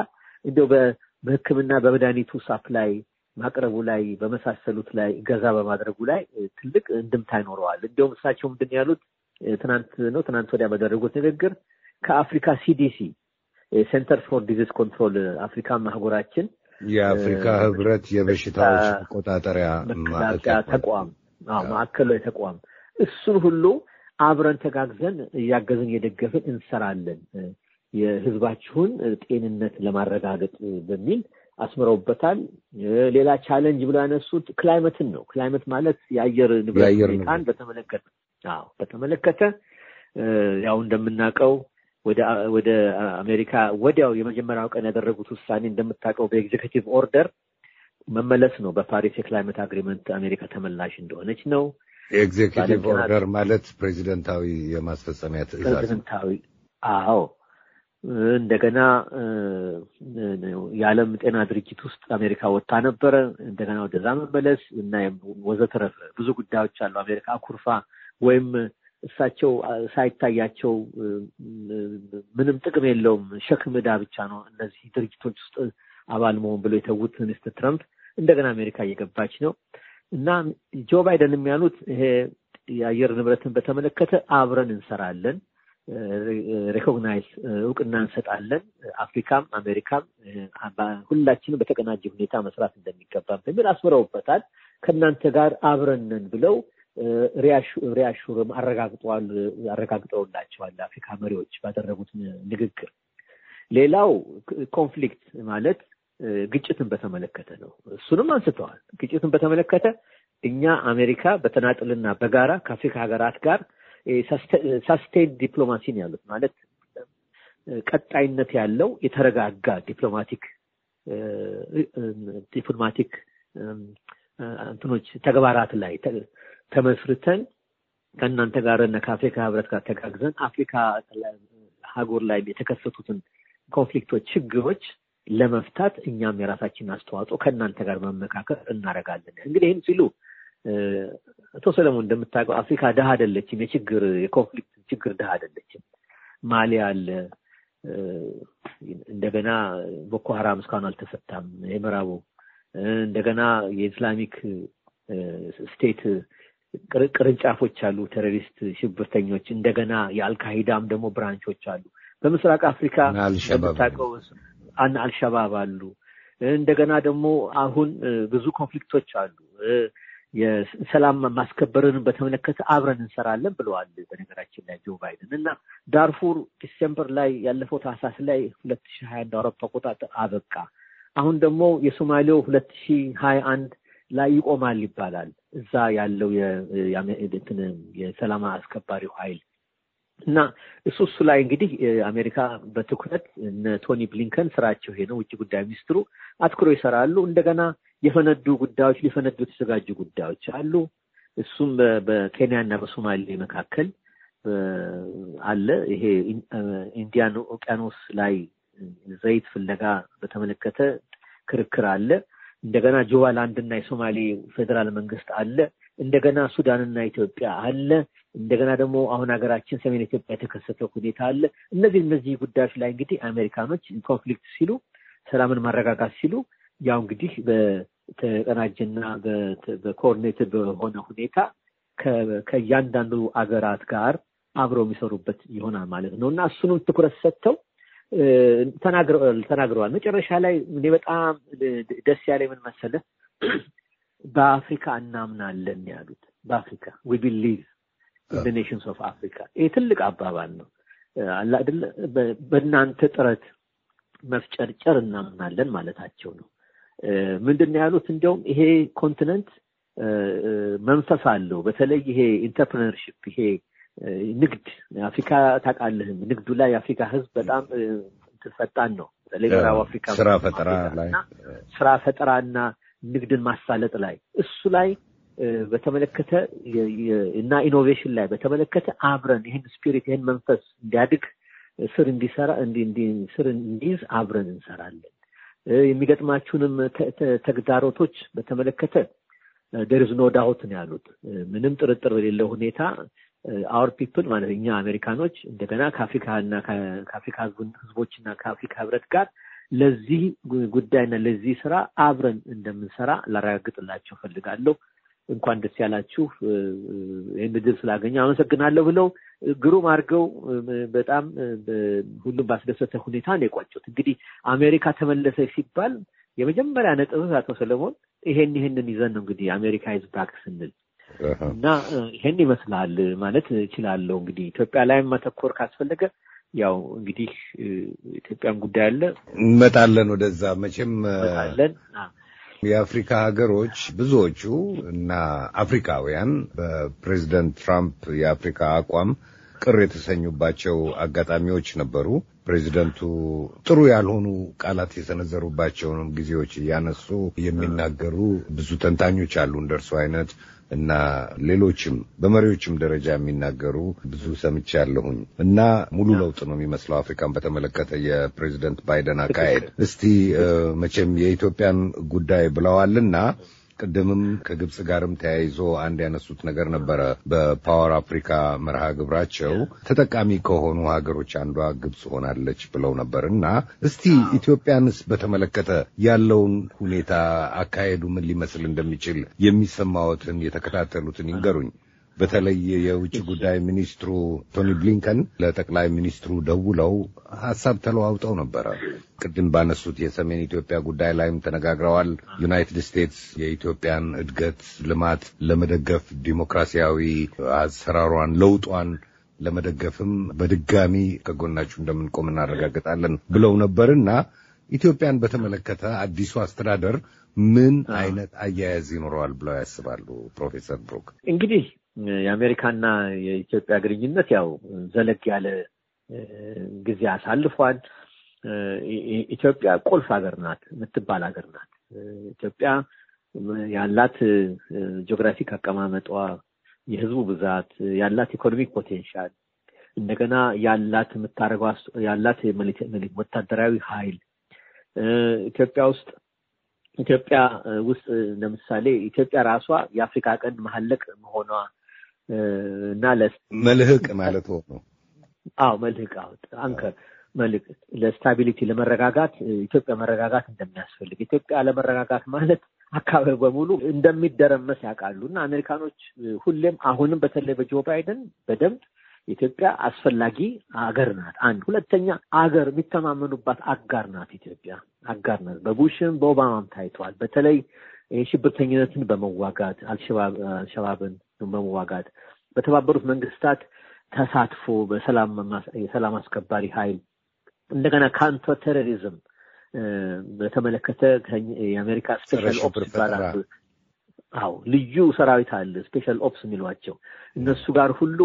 እንደው በህክምና በመድኃኒቱ ሳፕላይ ማቅረቡ ላይ በመሳሰሉት ላይ እገዛ በማድረጉ ላይ ትልቅ እንድምታ ይኖረዋል። እንዲሁም እሳቸው ምንድን ያሉት ትናንት ነው ትናንት ወዲያ በደረጉት ንግግር ከአፍሪካ ሲዲሲ ሴንተር ፎር ዲዚዝ ኮንትሮል አፍሪካ ማህጎራችን የአፍሪካ ህብረት የበሽታዎች መቆጣጠሪያ ተቋም ማዕከላዊ ተቋም እሱን ሁሉ አብረን ተጋግዘን እያገዝን እየደገፍን እንሰራለን የህዝባችሁን ጤንነት ለማረጋገጥ በሚል አስምረውበታል። ሌላ ቻለንጅ ብሎ ያነሱት ክላይመትን ነው። ክላይመት ማለት የአየር ንብረት ሁኔታን በተመለከተ አዎ፣ በተመለከተ ያው እንደምናውቀው ወደ አሜሪካ ወዲያው የመጀመሪያው ቀን ያደረጉት ውሳኔ እንደምታውቀው በኤግዜክቲቭ ኦርደር መመለስ ነው። በፓሪስ የክላይመት አግሪመንት አሜሪካ ተመላሽ እንደሆነች ነው። የኤግዜክቲቭ ኦርደር ማለት ፕሬዚደንታዊ የማስፈጸሚያ ትእዛዝ። ፕሬዚደንታዊ አዎ እንደገና የዓለም ጤና ድርጅት ውስጥ አሜሪካ ወጥታ ነበረ። እንደገና ወደዛ መመለስ እና ወዘተረፈ ብዙ ጉዳዮች አሉ። አሜሪካ አኩርፋ ወይም እሳቸው ሳይታያቸው ምንም ጥቅም የለውም ሸክም ዕዳ ብቻ ነው እነዚህ ድርጅቶች ውስጥ አባል መሆን ብሎ የተዉት ሚስተር ትረምፕ እንደገና አሜሪካ እየገባች ነው እና ጆ ባይደንም ያሉት ይሄ የአየር ንብረትን በተመለከተ አብረን እንሰራለን ሬኮግናይዝ እውቅና እንሰጣለን። አፍሪካም አሜሪካም ሁላችንም በተቀናጀ ሁኔታ መስራት እንደሚገባም በሚል አስምረውበታል። ከእናንተ ጋር አብረንን ብለው ሪያሹርም አረጋግጠዋል አረጋግጠውላቸዋል አፍሪካ መሪዎች ባደረጉት ንግግር። ሌላው ኮንፍሊክት ማለት ግጭትን በተመለከተ ነው። እሱንም አንስተዋል። ግጭትን በተመለከተ እኛ አሜሪካ በተናጥልና በጋራ ከአፍሪካ ሀገራት ጋር ሳስቴን ዲፕሎማሲ ነው ያሉት። ማለት ቀጣይነት ያለው የተረጋጋ ዲፕሎማቲክ ዲፕሎማቲክ እንትኖች ተግባራት ላይ ተመስርተን ከእናንተ ጋር እና ከአፍሪካ ህብረት ጋር ተጋግዘን አፍሪካ ሀገር ላይ የተከሰቱትን ኮንፍሊክቶች፣ ችግሮች ለመፍታት እኛም የራሳችንን አስተዋጽኦ ከእናንተ ጋር መመካከል እናደርጋለን። እንግዲህ ይህም ሲሉ አቶ ሰለሞን እንደምታውቀው አፍሪካ ድሃ አይደለችም። የችግር የኮንፍሊክት ችግር ድሃ አይደለችም። ማሊ አለ፣ እንደገና ቦኮ ሀራም እስካሁን አልተፈታም። የምዕራቡ እንደገና የኢስላሚክ ስቴት ቅርንጫፎች አሉ፣ ቴሮሪስት ሽብርተኞች። እንደገና የአልካሂዳም ደግሞ ብራንቾች አሉ። በምስራቅ አፍሪካ እንደምታውቀው አልሸባብ አሉ። እንደገና ደግሞ አሁን ብዙ ኮንፍሊክቶች አሉ። የሰላም ማስከበርን በተመለከተ አብረን እንሰራለን ብለዋል። በነገራችን ላይ ጆ ባይደን እና ዳርፉር ዲሴምበር ላይ ያለፈው ታህሳስ ላይ ሁለት ሺ ሀያ አንድ አውሮፓ አቆጣጠር አበቃ። አሁን ደግሞ የሶማሌው ሁለት ሺ ሀያ አንድ ላይ ይቆማል ይባላል። እዛ ያለው የሰላም አስከባሪው ኃይል እና እሱ እሱ ላይ እንግዲህ አሜሪካ በትኩረት እነ ቶኒ ብሊንከን ስራቸው ይሄ ነው፣ ውጭ ጉዳይ ሚኒስትሩ አትኩሮ ይሰራሉ። እንደገና የፈነዱ ጉዳዮች ሊፈነዱ የተዘጋጁ ጉዳዮች አሉ። እሱም በኬንያ እና በሶማሌ መካከል አለ። ይሄ ኢንዲያን ኦቅያኖስ ላይ ዘይት ፍለጋ በተመለከተ ክርክር አለ። እንደገና ጆባላንድ እና የሶማሌ ፌዴራል መንግስት አለ። እንደገና ሱዳንና ኢትዮጵያ አለ። እንደገና ደግሞ አሁን ሀገራችን ሰሜን ኢትዮጵያ የተከሰተው ሁኔታ አለ። እነዚህ እነዚህ ጉዳዮች ላይ እንግዲህ አሜሪካኖች ኮንፍሊክት ሲሉ ሰላምን ማረጋጋት ሲሉ ያው እንግዲህ በተቀናጀና በኮኦርዲኔትድ በሆነ ሁኔታ ከእያንዳንዱ አገራት ጋር አብረው የሚሰሩበት ይሆናል ማለት ነው እና እሱንም ትኩረት ሰጥተው ተናግረዋል። መጨረሻ ላይ እኔ በጣም ደስ ያለ ምን መሰለህ፣ በአፍሪካ እናምናለን ያሉት በአፍሪካ ዊ ቢሊቭ ኔሽንስ ኦፍ አፍሪካ። ይህ ትልቅ አባባል ነው አላ አይደለ? በእናንተ ጥረት መፍጨርጨር እናምናለን ማለታቸው ነው። ምንድን ነው ያሉት? እንዲያውም ይሄ ኮንቲነንት መንፈስ አለው። በተለይ ይሄ ኢንተርፕረነርሺፕ ይሄ ንግድ አፍሪካ ታውቃለህ፣ ንግዱ ላይ የአፍሪካ ህዝብ በጣም ፈጣን ነው። በተለይ ምዕራብ አፍሪካ ስራ ፈጠራና ንግድን ማሳለጥ ላይ እሱ ላይ በተመለከተ እና ኢኖቬሽን ላይ በተመለከተ አብረን ይህን ስፒሪት ይህን መንፈስ እንዲያድግ ስር እንዲሰራ ስር እንዲይዝ አብረን እንሰራለን የሚገጥማችሁንም ተግዳሮቶች በተመለከተ ደርዝ ኖ ዳውት ነው ያሉት። ምንም ጥርጥር የሌለው ሁኔታ አወር ፒፕል ማለት እኛ አሜሪካኖች እንደገና ከአፍሪካና ከአፍሪካ ህዝቦች ህዝቦችና ከአፍሪካ ህብረት ጋር ለዚህ ጉዳይና ለዚህ ስራ አብረን እንደምንሰራ ላረጋግጥላቸው ፈልጋለሁ። እንኳን ደስ ያላችሁ ይህን እድል ስላገኘ አመሰግናለሁ ብለው ግሩም አድርገው በጣም ሁሉም ባስደሰተ ሁኔታ ነው የቋጩት። እንግዲህ አሜሪካ ተመለሰ ሲባል የመጀመሪያ ነጥብ አቶ ሰለሞን ይሄን ይህንን ይዘን ነው እንግዲህ አሜሪካ ይዝ ባክ ስንል እና ይሄን ይመስላል ማለት እችላለሁ። እንግዲህ ኢትዮጵያ ላይም ማተኮር ካስፈለገ ያው እንግዲህ ኢትዮጵያን ጉዳይ አለ፣ እንመጣለን ወደዛ መቼም እንመጣለን። የአፍሪካ ሀገሮች ብዙዎቹ እና አፍሪካውያን በፕሬዚደንት ትራምፕ የአፍሪካ አቋም ቅር የተሰኙባቸው አጋጣሚዎች ነበሩ። ፕሬዚደንቱ ጥሩ ያልሆኑ ቃላት የሰነዘሩባቸውን ጊዜዎች እያነሱ የሚናገሩ ብዙ ተንታኞች አሉ እርሱ አይነት እና ሌሎችም በመሪዎችም ደረጃ የሚናገሩ ብዙ ሰምቻለሁኝ እና ሙሉ ለውጥ ነው የሚመስለው አፍሪካን በተመለከተ የፕሬዚደንት ባይደን አካሄድ። እስቲ መቼም የኢትዮጵያን ጉዳይ ብለዋልና ቅድምም ከግብፅ ጋርም ተያይዞ አንድ ያነሱት ነገር ነበረ። በፓወር አፍሪካ መርሃ ግብራቸው ተጠቃሚ ከሆኑ ሀገሮች አንዷ ግብፅ ሆናለች ብለው ነበር እና እስቲ ኢትዮጵያንስ በተመለከተ ያለውን ሁኔታ አካሄዱ ምን ሊመስል እንደሚችል የሚሰማዎትን የተከታተሉትን ይንገሩኝ። በተለይ የውጭ ጉዳይ ሚኒስትሩ ቶኒ ብሊንከን ለጠቅላይ ሚኒስትሩ ደውለው ሀሳብ ተለዋውጠው ነበረ። ቅድም ባነሱት የሰሜን ኢትዮጵያ ጉዳይ ላይም ተነጋግረዋል። ዩናይትድ ስቴትስ የኢትዮጵያን እድገት፣ ልማት ለመደገፍ ዲሞክራሲያዊ አሰራሯን፣ ለውጧን ለመደገፍም በድጋሚ ከጎናችሁ እንደምንቆም እናረጋግጣለን ብለው ነበር እና ኢትዮጵያን በተመለከተ አዲሱ አስተዳደር ምን አይነት አያያዝ ይኖረዋል ብለው ያስባሉ ፕሮፌሰር ብሩክ? እንግዲህ የአሜሪካና የኢትዮጵያ ግንኙነት ያው ዘለግ ያለ ጊዜ አሳልፏል። ኢትዮጵያ ቁልፍ ሀገር ናት የምትባል ሀገር ናት። ኢትዮጵያ ያላት ጂኦግራፊክ አቀማመጧ፣ የህዝቡ ብዛት፣ ያላት ኢኮኖሚክ ፖቴንሻል እንደገና ያላት የምታደርገው ያላት ወታደራዊ ኃይል ኢትዮጵያ ውስጥ ኢትዮጵያ ውስጥ ለምሳሌ ኢትዮጵያ ራሷ የአፍሪካ ቀንድ መሀለቅ መሆኗ እና መልህቅ ማለት ነው። አዎ መልህቅ አንከር መልህቅ ለስታቢሊቲ ለመረጋጋት ኢትዮጵያ መረጋጋት እንደሚያስፈልግ ኢትዮጵያ ለመረጋጋት ማለት አካባቢ በሙሉ እንደሚደረመስ ያውቃሉ። እና አሜሪካኖች ሁሌም አሁንም በተለይ በጆ ባይደን በደንብ ኢትዮጵያ አስፈላጊ አገር ናት። አንድ ሁለተኛ አገር የሚተማመኑባት አጋር ናት። ኢትዮጵያ አጋር ናት። በቡሽም በኦባማም ታይተዋል። በተለይ ሽብርተኝነትን በመዋጋት አልሸባብን በመዋጋት በተባበሩት መንግስታት ተሳትፎ የሰላም አስከባሪ ኃይል እንደገና ካንቶ ቴሮሪዝም በተመለከተ የአሜሪካ ስፔሻል ኦፕስ ይባላል። አዎ ልዩ ሰራዊት አለ፣ ስፔሻል ኦፕስ የሚሏቸው እነሱ ጋር ሁሉ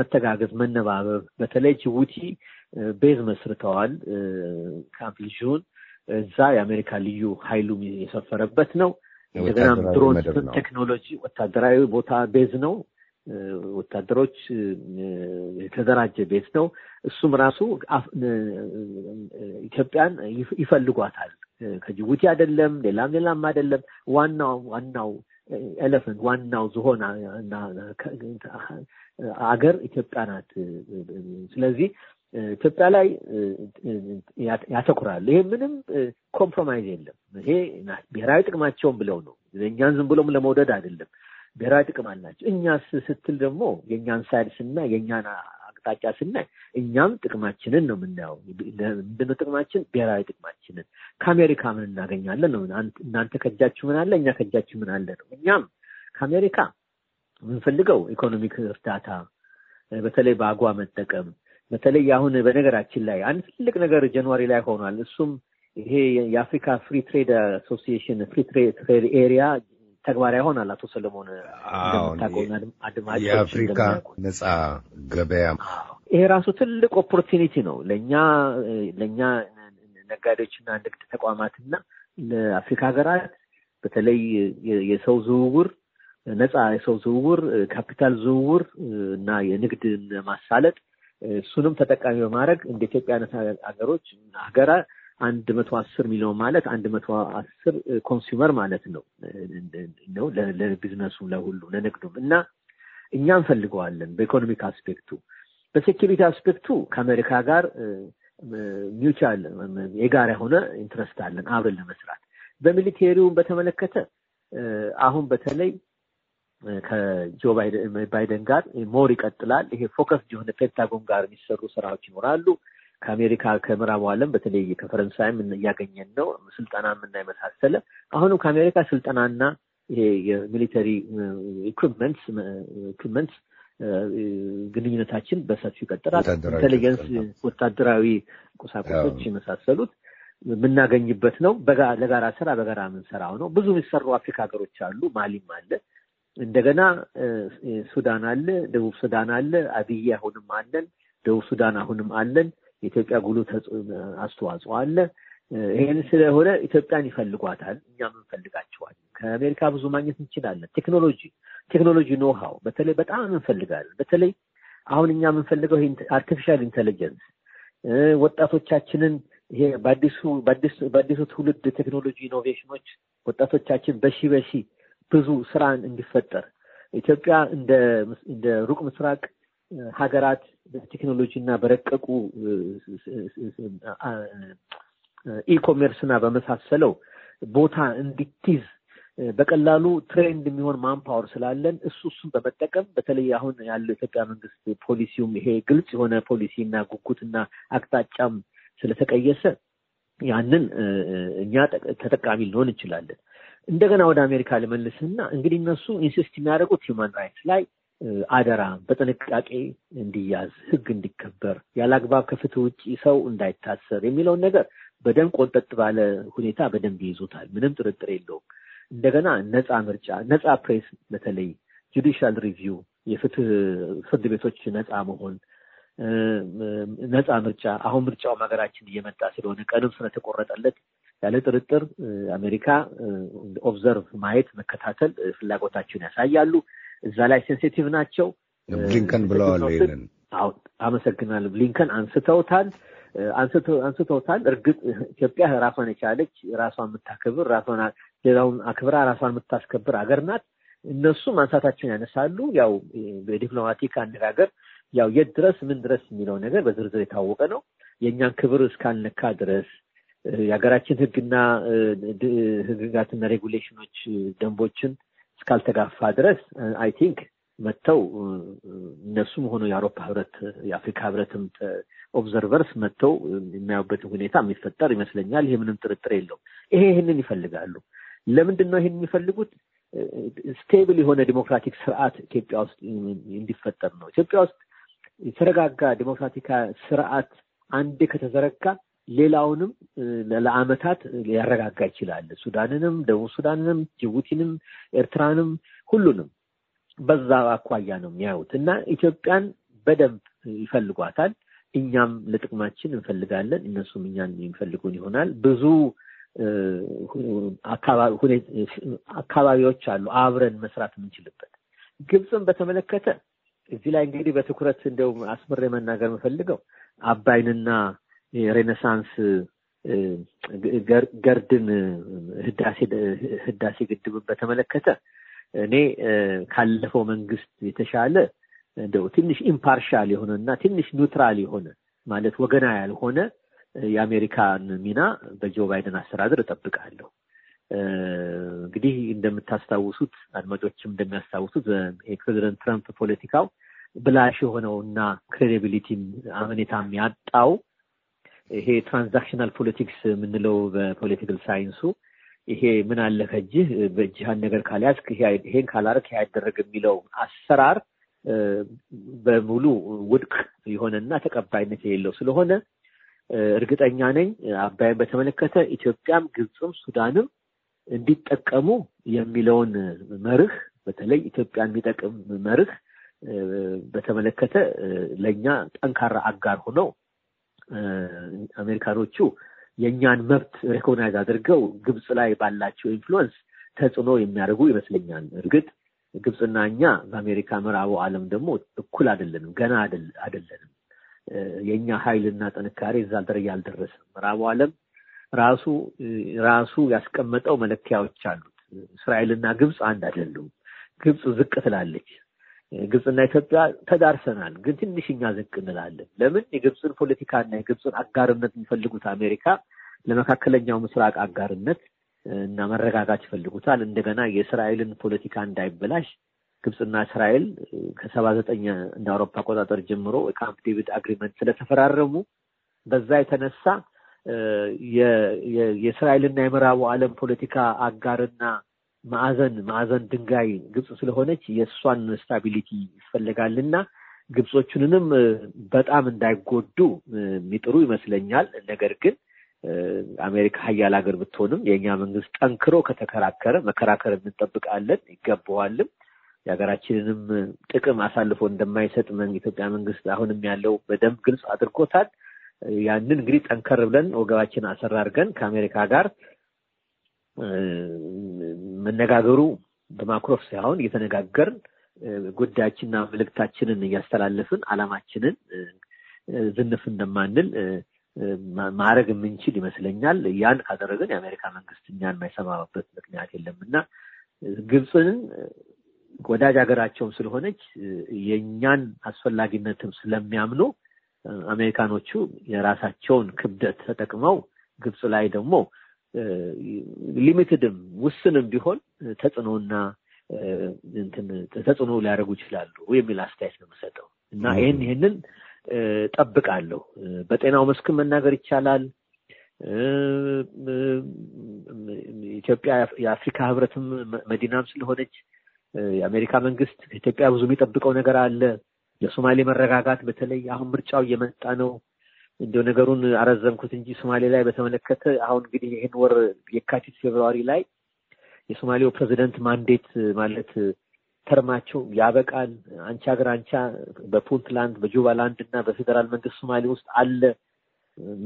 መተጋገዝ፣ መነባበብ በተለይ ጅቡቲ ቤዝ መስርተዋል። ካምፕ ልጅሁን እዛ የአሜሪካ ልዩ ኃይሉ የሰፈረበት ነው። እንደገናም ድሮን ቴክኖሎጂ ወታደራዊ ቦታ ቤዝ ነው። ወታደሮች የተደራጀ ቤት ነው። እሱም ራሱ ኢትዮጵያን ይፈልጓታል። ከጅቡቲ አይደለም፣ ሌላም ሌላም አይደለም። ዋናው ዋናው ኤሌፈንት ዋናው ዝሆን እና አገር ኢትዮጵያ ናት። ስለዚህ ኢትዮጵያ ላይ ያተኩራሉ። ይሄ ምንም ኮምፕሮማይዝ የለም። ይሄ ብሔራዊ ጥቅማቸውን ብለው ነው። እኛን ዝም ብሎም ለመውደድ አይደለም። ብሔራዊ ጥቅም አላቸው። እኛ ስትል ደግሞ የእኛን ሳይድ ስናይ፣ የእኛን አቅጣጫ ስናይ እኛም ጥቅማችንን ነው የምናየው። ምንድን ነው ጥቅማችን? ብሔራዊ ጥቅማችንን ከአሜሪካ ምን እናገኛለን ነው። እናንተ ከእጃችሁ ምን አለ፣ እኛ ከእጃችሁ ምን አለ ነው። እኛም ከአሜሪካ የምንፈልገው ኢኮኖሚክ እርዳታ፣ በተለይ በአጓ መጠቀም በተለይ አሁን በነገራችን ላይ አንድ ትልቅ ነገር ጀንዋሪ ላይ ሆኗል። እሱም ይሄ የአፍሪካ ፍሪ ትሬድ አሶሲዬሽን ፍሪ ትሬድ ኤሪያ ተግባራዊ ሆናል። አቶ ሰለሞን እንደምታውቀውና አድማጭ የአፍሪካ ነጻ ገበያ ይሄ ራሱ ትልቅ ኦፖርቲኒቲ ነው ለእኛ ለእኛ ነጋዴዎችና ንግድ ተቋማትና ለአፍሪካ ሀገራት በተለይ የሰው ዝውውር ነጻ የሰው ዝውውር፣ ካፒታል ዝውውር እና የንግድ ማሳለጥ እሱንም ተጠቃሚ በማድረግ እንደ ኢትዮጵያ አይነት ሀገሮች ሀገራ አንድ መቶ አስር ሚሊዮን ማለት አንድ መቶ አስር ኮንሱመር ማለት ነው ነው ለቢዝነሱ ለሁሉ ለንግዱም እና እኛ እንፈልገዋለን። በኢኮኖሚክ አስፔክቱ፣ በሴኪሪቲ አስፔክቱ ከአሜሪካ ጋር ሚውቹዋል የጋራ የሆነ ኢንትረስት አለን አብረን ለመስራት። በሚሊቴሪውን በተመለከተ አሁን በተለይ ከጆ ባይደን ጋር ሞር ይቀጥላል። ይሄ ፎከስ የሆነ ፔንታጎን ጋር የሚሰሩ ስራዎች ይኖራሉ። ከአሜሪካ ከምዕራቡ ዓለም በተለይ ከፈረንሳይም እያገኘን ነው ስልጠና የምና የመሳሰለ አሁንም ከአሜሪካ ስልጠናና ይሄ የሚሊተሪ ኢኩፕመንትስ ግንኙነታችን በሰፊው ይቀጥላል። ኢንቴሊጀንስ፣ ወታደራዊ ቁሳቁሶች የመሳሰሉት የምናገኝበት ነው። ለጋራ ስራ በጋራ የምንሰራው ነው። ብዙ የሚሰሩ አፍሪካ ሀገሮች አሉ። ማሊም አለ። እንደገና ሱዳን አለ፣ ደቡብ ሱዳን አለ፣ አብዬ አሁንም አለን፣ ደቡብ ሱዳን አሁንም አለን። የኢትዮጵያ ጉሉ አስተዋጽኦ አለ። ይህን ስለሆነ ኢትዮጵያን ይፈልጓታል፣ እኛም እንፈልጋቸዋለን። ከአሜሪካ ብዙ ማግኘት እንችላለን። ቴክኖሎጂ ቴክኖሎጂ ኖሃው በተለይ በጣም እንፈልጋለን። በተለይ አሁን እኛ የምንፈልገው አርቲፊሻል ኢንቴሊጀንስ ወጣቶቻችንን ይሄ በአዲሱ በአዲሱ ትውልድ ቴክኖሎጂ ኢኖቬሽኖች ወጣቶቻችን በሺ በሺ ብዙ ስራን እንዲፈጠር ኢትዮጵያ እንደ ሩቅ ምስራቅ ሀገራት በቴክኖሎጂ እና በረቀቁ ኢኮሜርስ እና በመሳሰለው ቦታ እንዲትይዝ በቀላሉ ትሬንድ የሚሆን ማንፓወር ስላለን እሱ እሱን በመጠቀም በተለይ አሁን ያለው የኢትዮጵያ መንግስት ፖሊሲውም ይሄ ግልጽ የሆነ ጉጉት ጉጉትና አቅጣጫም ስለተቀየሰ ያንን እኛ ተጠቃሚ ልንሆን እንችላለን። እንደገና ወደ አሜሪካ ልመልስና እንግዲህ እነሱ ኢንሲስት የሚያደርጉት ሂውማን ራይትስ ላይ አደራ በጥንቃቄ እንዲያዝ ህግ እንዲከበር ያለአግባብ ከፍትህ ውጭ ሰው እንዳይታሰር የሚለውን ነገር በደንብ ቆንጠጥ ባለ ሁኔታ በደንብ ይይዙታል። ምንም ጥርጥር የለውም። እንደገና ነፃ ምርጫ፣ ነፃ ፕሬስ፣ በተለይ ጁዲሻል ሪቪው የፍትህ ፍርድ ቤቶች ነፃ መሆን፣ ነፃ ምርጫ። አሁን ምርጫውም ሀገራችን እየመጣ ስለሆነ ቀንም ስለተቆረጠለት ያለ ጥርጥር አሜሪካ ኦብዘርቭ ማየት መከታተል ፍላጎታቸውን ያሳያሉ። እዛ ላይ ሴንሲቲቭ ናቸው። ብሊንከን ብለዋል። ይንን አመሰግናለሁ። ብሊንከን አንስተውታል አንስተውታል። እርግጥ ኢትዮጵያ ራሷን የቻለች ራሷን የምታከብር ራሷን ሌላውን አክብራ ራሷን የምታስከብር ሀገር ናት። እነሱ ማንሳታቸውን ያነሳሉ። ያው በዲፕሎማቲክ አነጋገር ያው የት ድረስ ምን ድረስ የሚለው ነገር በዝርዝር የታወቀ ነው። የእኛን ክብር እስካልነካ ድረስ የሀገራችን ህግና ህግጋትና ሬጉሌሽኖች ደንቦችን እስካልተጋፋ ድረስ አይ ቲንክ መጥተው እነሱም ሆኖ የአውሮፓ ህብረት የአፍሪካ ህብረትም ኦብዘርቨርስ መጥተው የሚያዩበትን ሁኔታ የሚፈጠር ይመስለኛል። ይህ ምንም ጥርጥር የለውም። ይሄ ይህንን ይፈልጋሉ። ለምንድን ነው ይህን የሚፈልጉት? ስቴብል የሆነ ዲሞክራቲክ ስርዓት ኢትዮጵያ ውስጥ እንዲፈጠር ነው። ኢትዮጵያ ውስጥ የተረጋጋ ዲሞክራቲካ ስርዓት አንዴ ከተዘረጋ ሌላውንም ለአመታት ሊያረጋጋ ይችላል። ሱዳንንም፣ ደቡብ ሱዳንንም፣ ጅቡቲንም፣ ኤርትራንም ሁሉንም በዛ አኳያ ነው የሚያዩት እና ኢትዮጵያን በደንብ ይፈልጓታል። እኛም ለጥቅማችን እንፈልጋለን፣ እነሱም እኛን የሚፈልጉን ይሆናል። ብዙ አካባቢዎች አሉ አብረን መስራት የምንችልበት። ግብፅን በተመለከተ እዚህ ላይ እንግዲህ በትኩረት እንደውም አስምሬ መናገር የምፈልገው አባይንና የሬኔሳንስ ገርድን ህዳሴ ግድብን በተመለከተ እኔ ካለፈው መንግስት የተሻለ እንደው ትንሽ ኢምፓርሻል የሆነ እና ትንሽ ኒውትራል የሆነ ማለት ወገና ያልሆነ የአሜሪካን ሚና በጆ ባይደን አስተዳደር እጠብቃለሁ። እንግዲህ እንደምታስታውሱት አድማጮችም እንደሚያስታውሱት የፕሬዚደንት ትራምፕ ፖለቲካው ብላሽ የሆነውና ክሬዲቢሊቲም አመኔታም ያጣው ይሄ ትራንዛክሽናል ፖለቲክስ የምንለው በፖለቲካል ሳይንሱ ይሄ ምን አለ ከእጅህ በእጅህ አንድ ነገር ካልያዝክ ይሄን ካላርክ ይሄ አይደረግ የሚለው አሰራር በሙሉ ውድቅ የሆነና ተቀባይነት የሌለው ስለሆነ እርግጠኛ ነኝ አባይን በተመለከተ ኢትዮጵያም፣ ግብፅም፣ ሱዳንም እንዲጠቀሙ የሚለውን መርህ በተለይ ኢትዮጵያ የሚጠቅም መርህ በተመለከተ ለእኛ ጠንካራ አጋር ሆነው አሜሪካኖቹ የእኛን መብት ሬኮግናይዝ አድርገው ግብፅ ላይ ባላቸው ኢንፍሉወንስ ተጽዕኖ የሚያደርጉ ይመስለኛል። እርግጥ ግብፅና እኛ በአሜሪካ ምዕራቡ ዓለም ደግሞ እኩል አይደለንም፣ ገና አይደለንም። የእኛ ኃይልና ጥንካሬ እዛ ደረጃ አልደረሰም። ምዕራቡ ዓለም ራሱ ራሱ ያስቀመጠው መለኪያዎች አሉት። እስራኤልና ግብፅ አንድ አይደሉም። ግብፅ ዝቅ ትላለች፣ ግብፅና ኢትዮጵያ ተዳርሰናል፣ ግን ትንሽ እኛ ዝቅ እንላለን። ለምን? የግብፅን ፖለቲካና የግብፅን አጋርነት የሚፈልጉት አሜሪካ ለመካከለኛው ምስራቅ አጋርነት እና መረጋጋት ይፈልጉታል። እንደገና የእስራኤልን ፖለቲካ እንዳይበላሽ ግብፅና እስራኤል ከሰባ ዘጠኝ እንደ አውሮፓ አቆጣጠር ጀምሮ የካምፕ ዴቪድ አግሪመንት ስለተፈራረሙ በዛ የተነሳ የእስራኤልና የምዕራቡ ዓለም ፖለቲካ አጋርና ማዕዘን ማዕዘን ድንጋይ ግብጽ ስለሆነች የእሷን ስታቢሊቲ ይፈለጋልና ግብጾቹንንም በጣም እንዳይጎዱ የሚጥሩ ይመስለኛል። ነገር ግን አሜሪካ ሀያል ሀገር ብትሆንም የእኛ መንግስት ጠንክሮ ከተከራከረ መከራከር እንጠብቃለን፣ ይገባዋልም። የሀገራችንንም ጥቅም አሳልፎ እንደማይሰጥ ኢትዮጵያ መንግስት አሁንም ያለው በደንብ ግልጽ አድርጎታል። ያንን እንግዲህ ጠንከር ብለን ወገባችን አሰራርገን ከአሜሪካ ጋር መነጋገሩ በማኩረፍ ሳይሆን እየተነጋገርን ጉዳያችንና መልእክታችንን እያስተላለፍን አላማችንን ዝንፍ እንደማንል ማድረግ የምንችል ይመስለኛል። ያን ካደረግን የአሜሪካ መንግስት እኛን የማይሰማበት ምክንያት የለም እና ግብፅን ወዳጅ ሀገራቸውም ስለሆነች የእኛን አስፈላጊነትም ስለሚያምኑ አሜሪካኖቹ የራሳቸውን ክብደት ተጠቅመው ግብፅ ላይ ደግሞ ሊሚትድም ውስንም ቢሆን ተጽዕኖና ተጽዕኖ ሊያደርጉ ይችላሉ የሚል አስተያየት ነው የምሰጠው እና ይህን ይህንን ጠብቃለሁ። በጤናው መስክ መናገር ይቻላል። ኢትዮጵያ የአፍሪካ ህብረትም መዲናም ስለሆነች የአሜሪካ መንግስት ከኢትዮጵያ ብዙ የሚጠብቀው ነገር አለ። የሶማሌ መረጋጋት በተለይ አሁን ምርጫው እየመጣ ነው። እንዲያው ነገሩን አረዘምኩት እንጂ ሶማሌ ላይ በተመለከተ አሁን እንግዲህ ይህን ወር የካቲት ፌብርዋሪ ላይ የሶማሌው ፕሬዚደንት ማንዴት ማለት ተርማቸው ያበቃል፣ አንቻ ሀገር አንቻ በፑንትላንድ በጁባላንድ እና በፌዴራል መንግስት ሶማሌ ውስጥ አለ።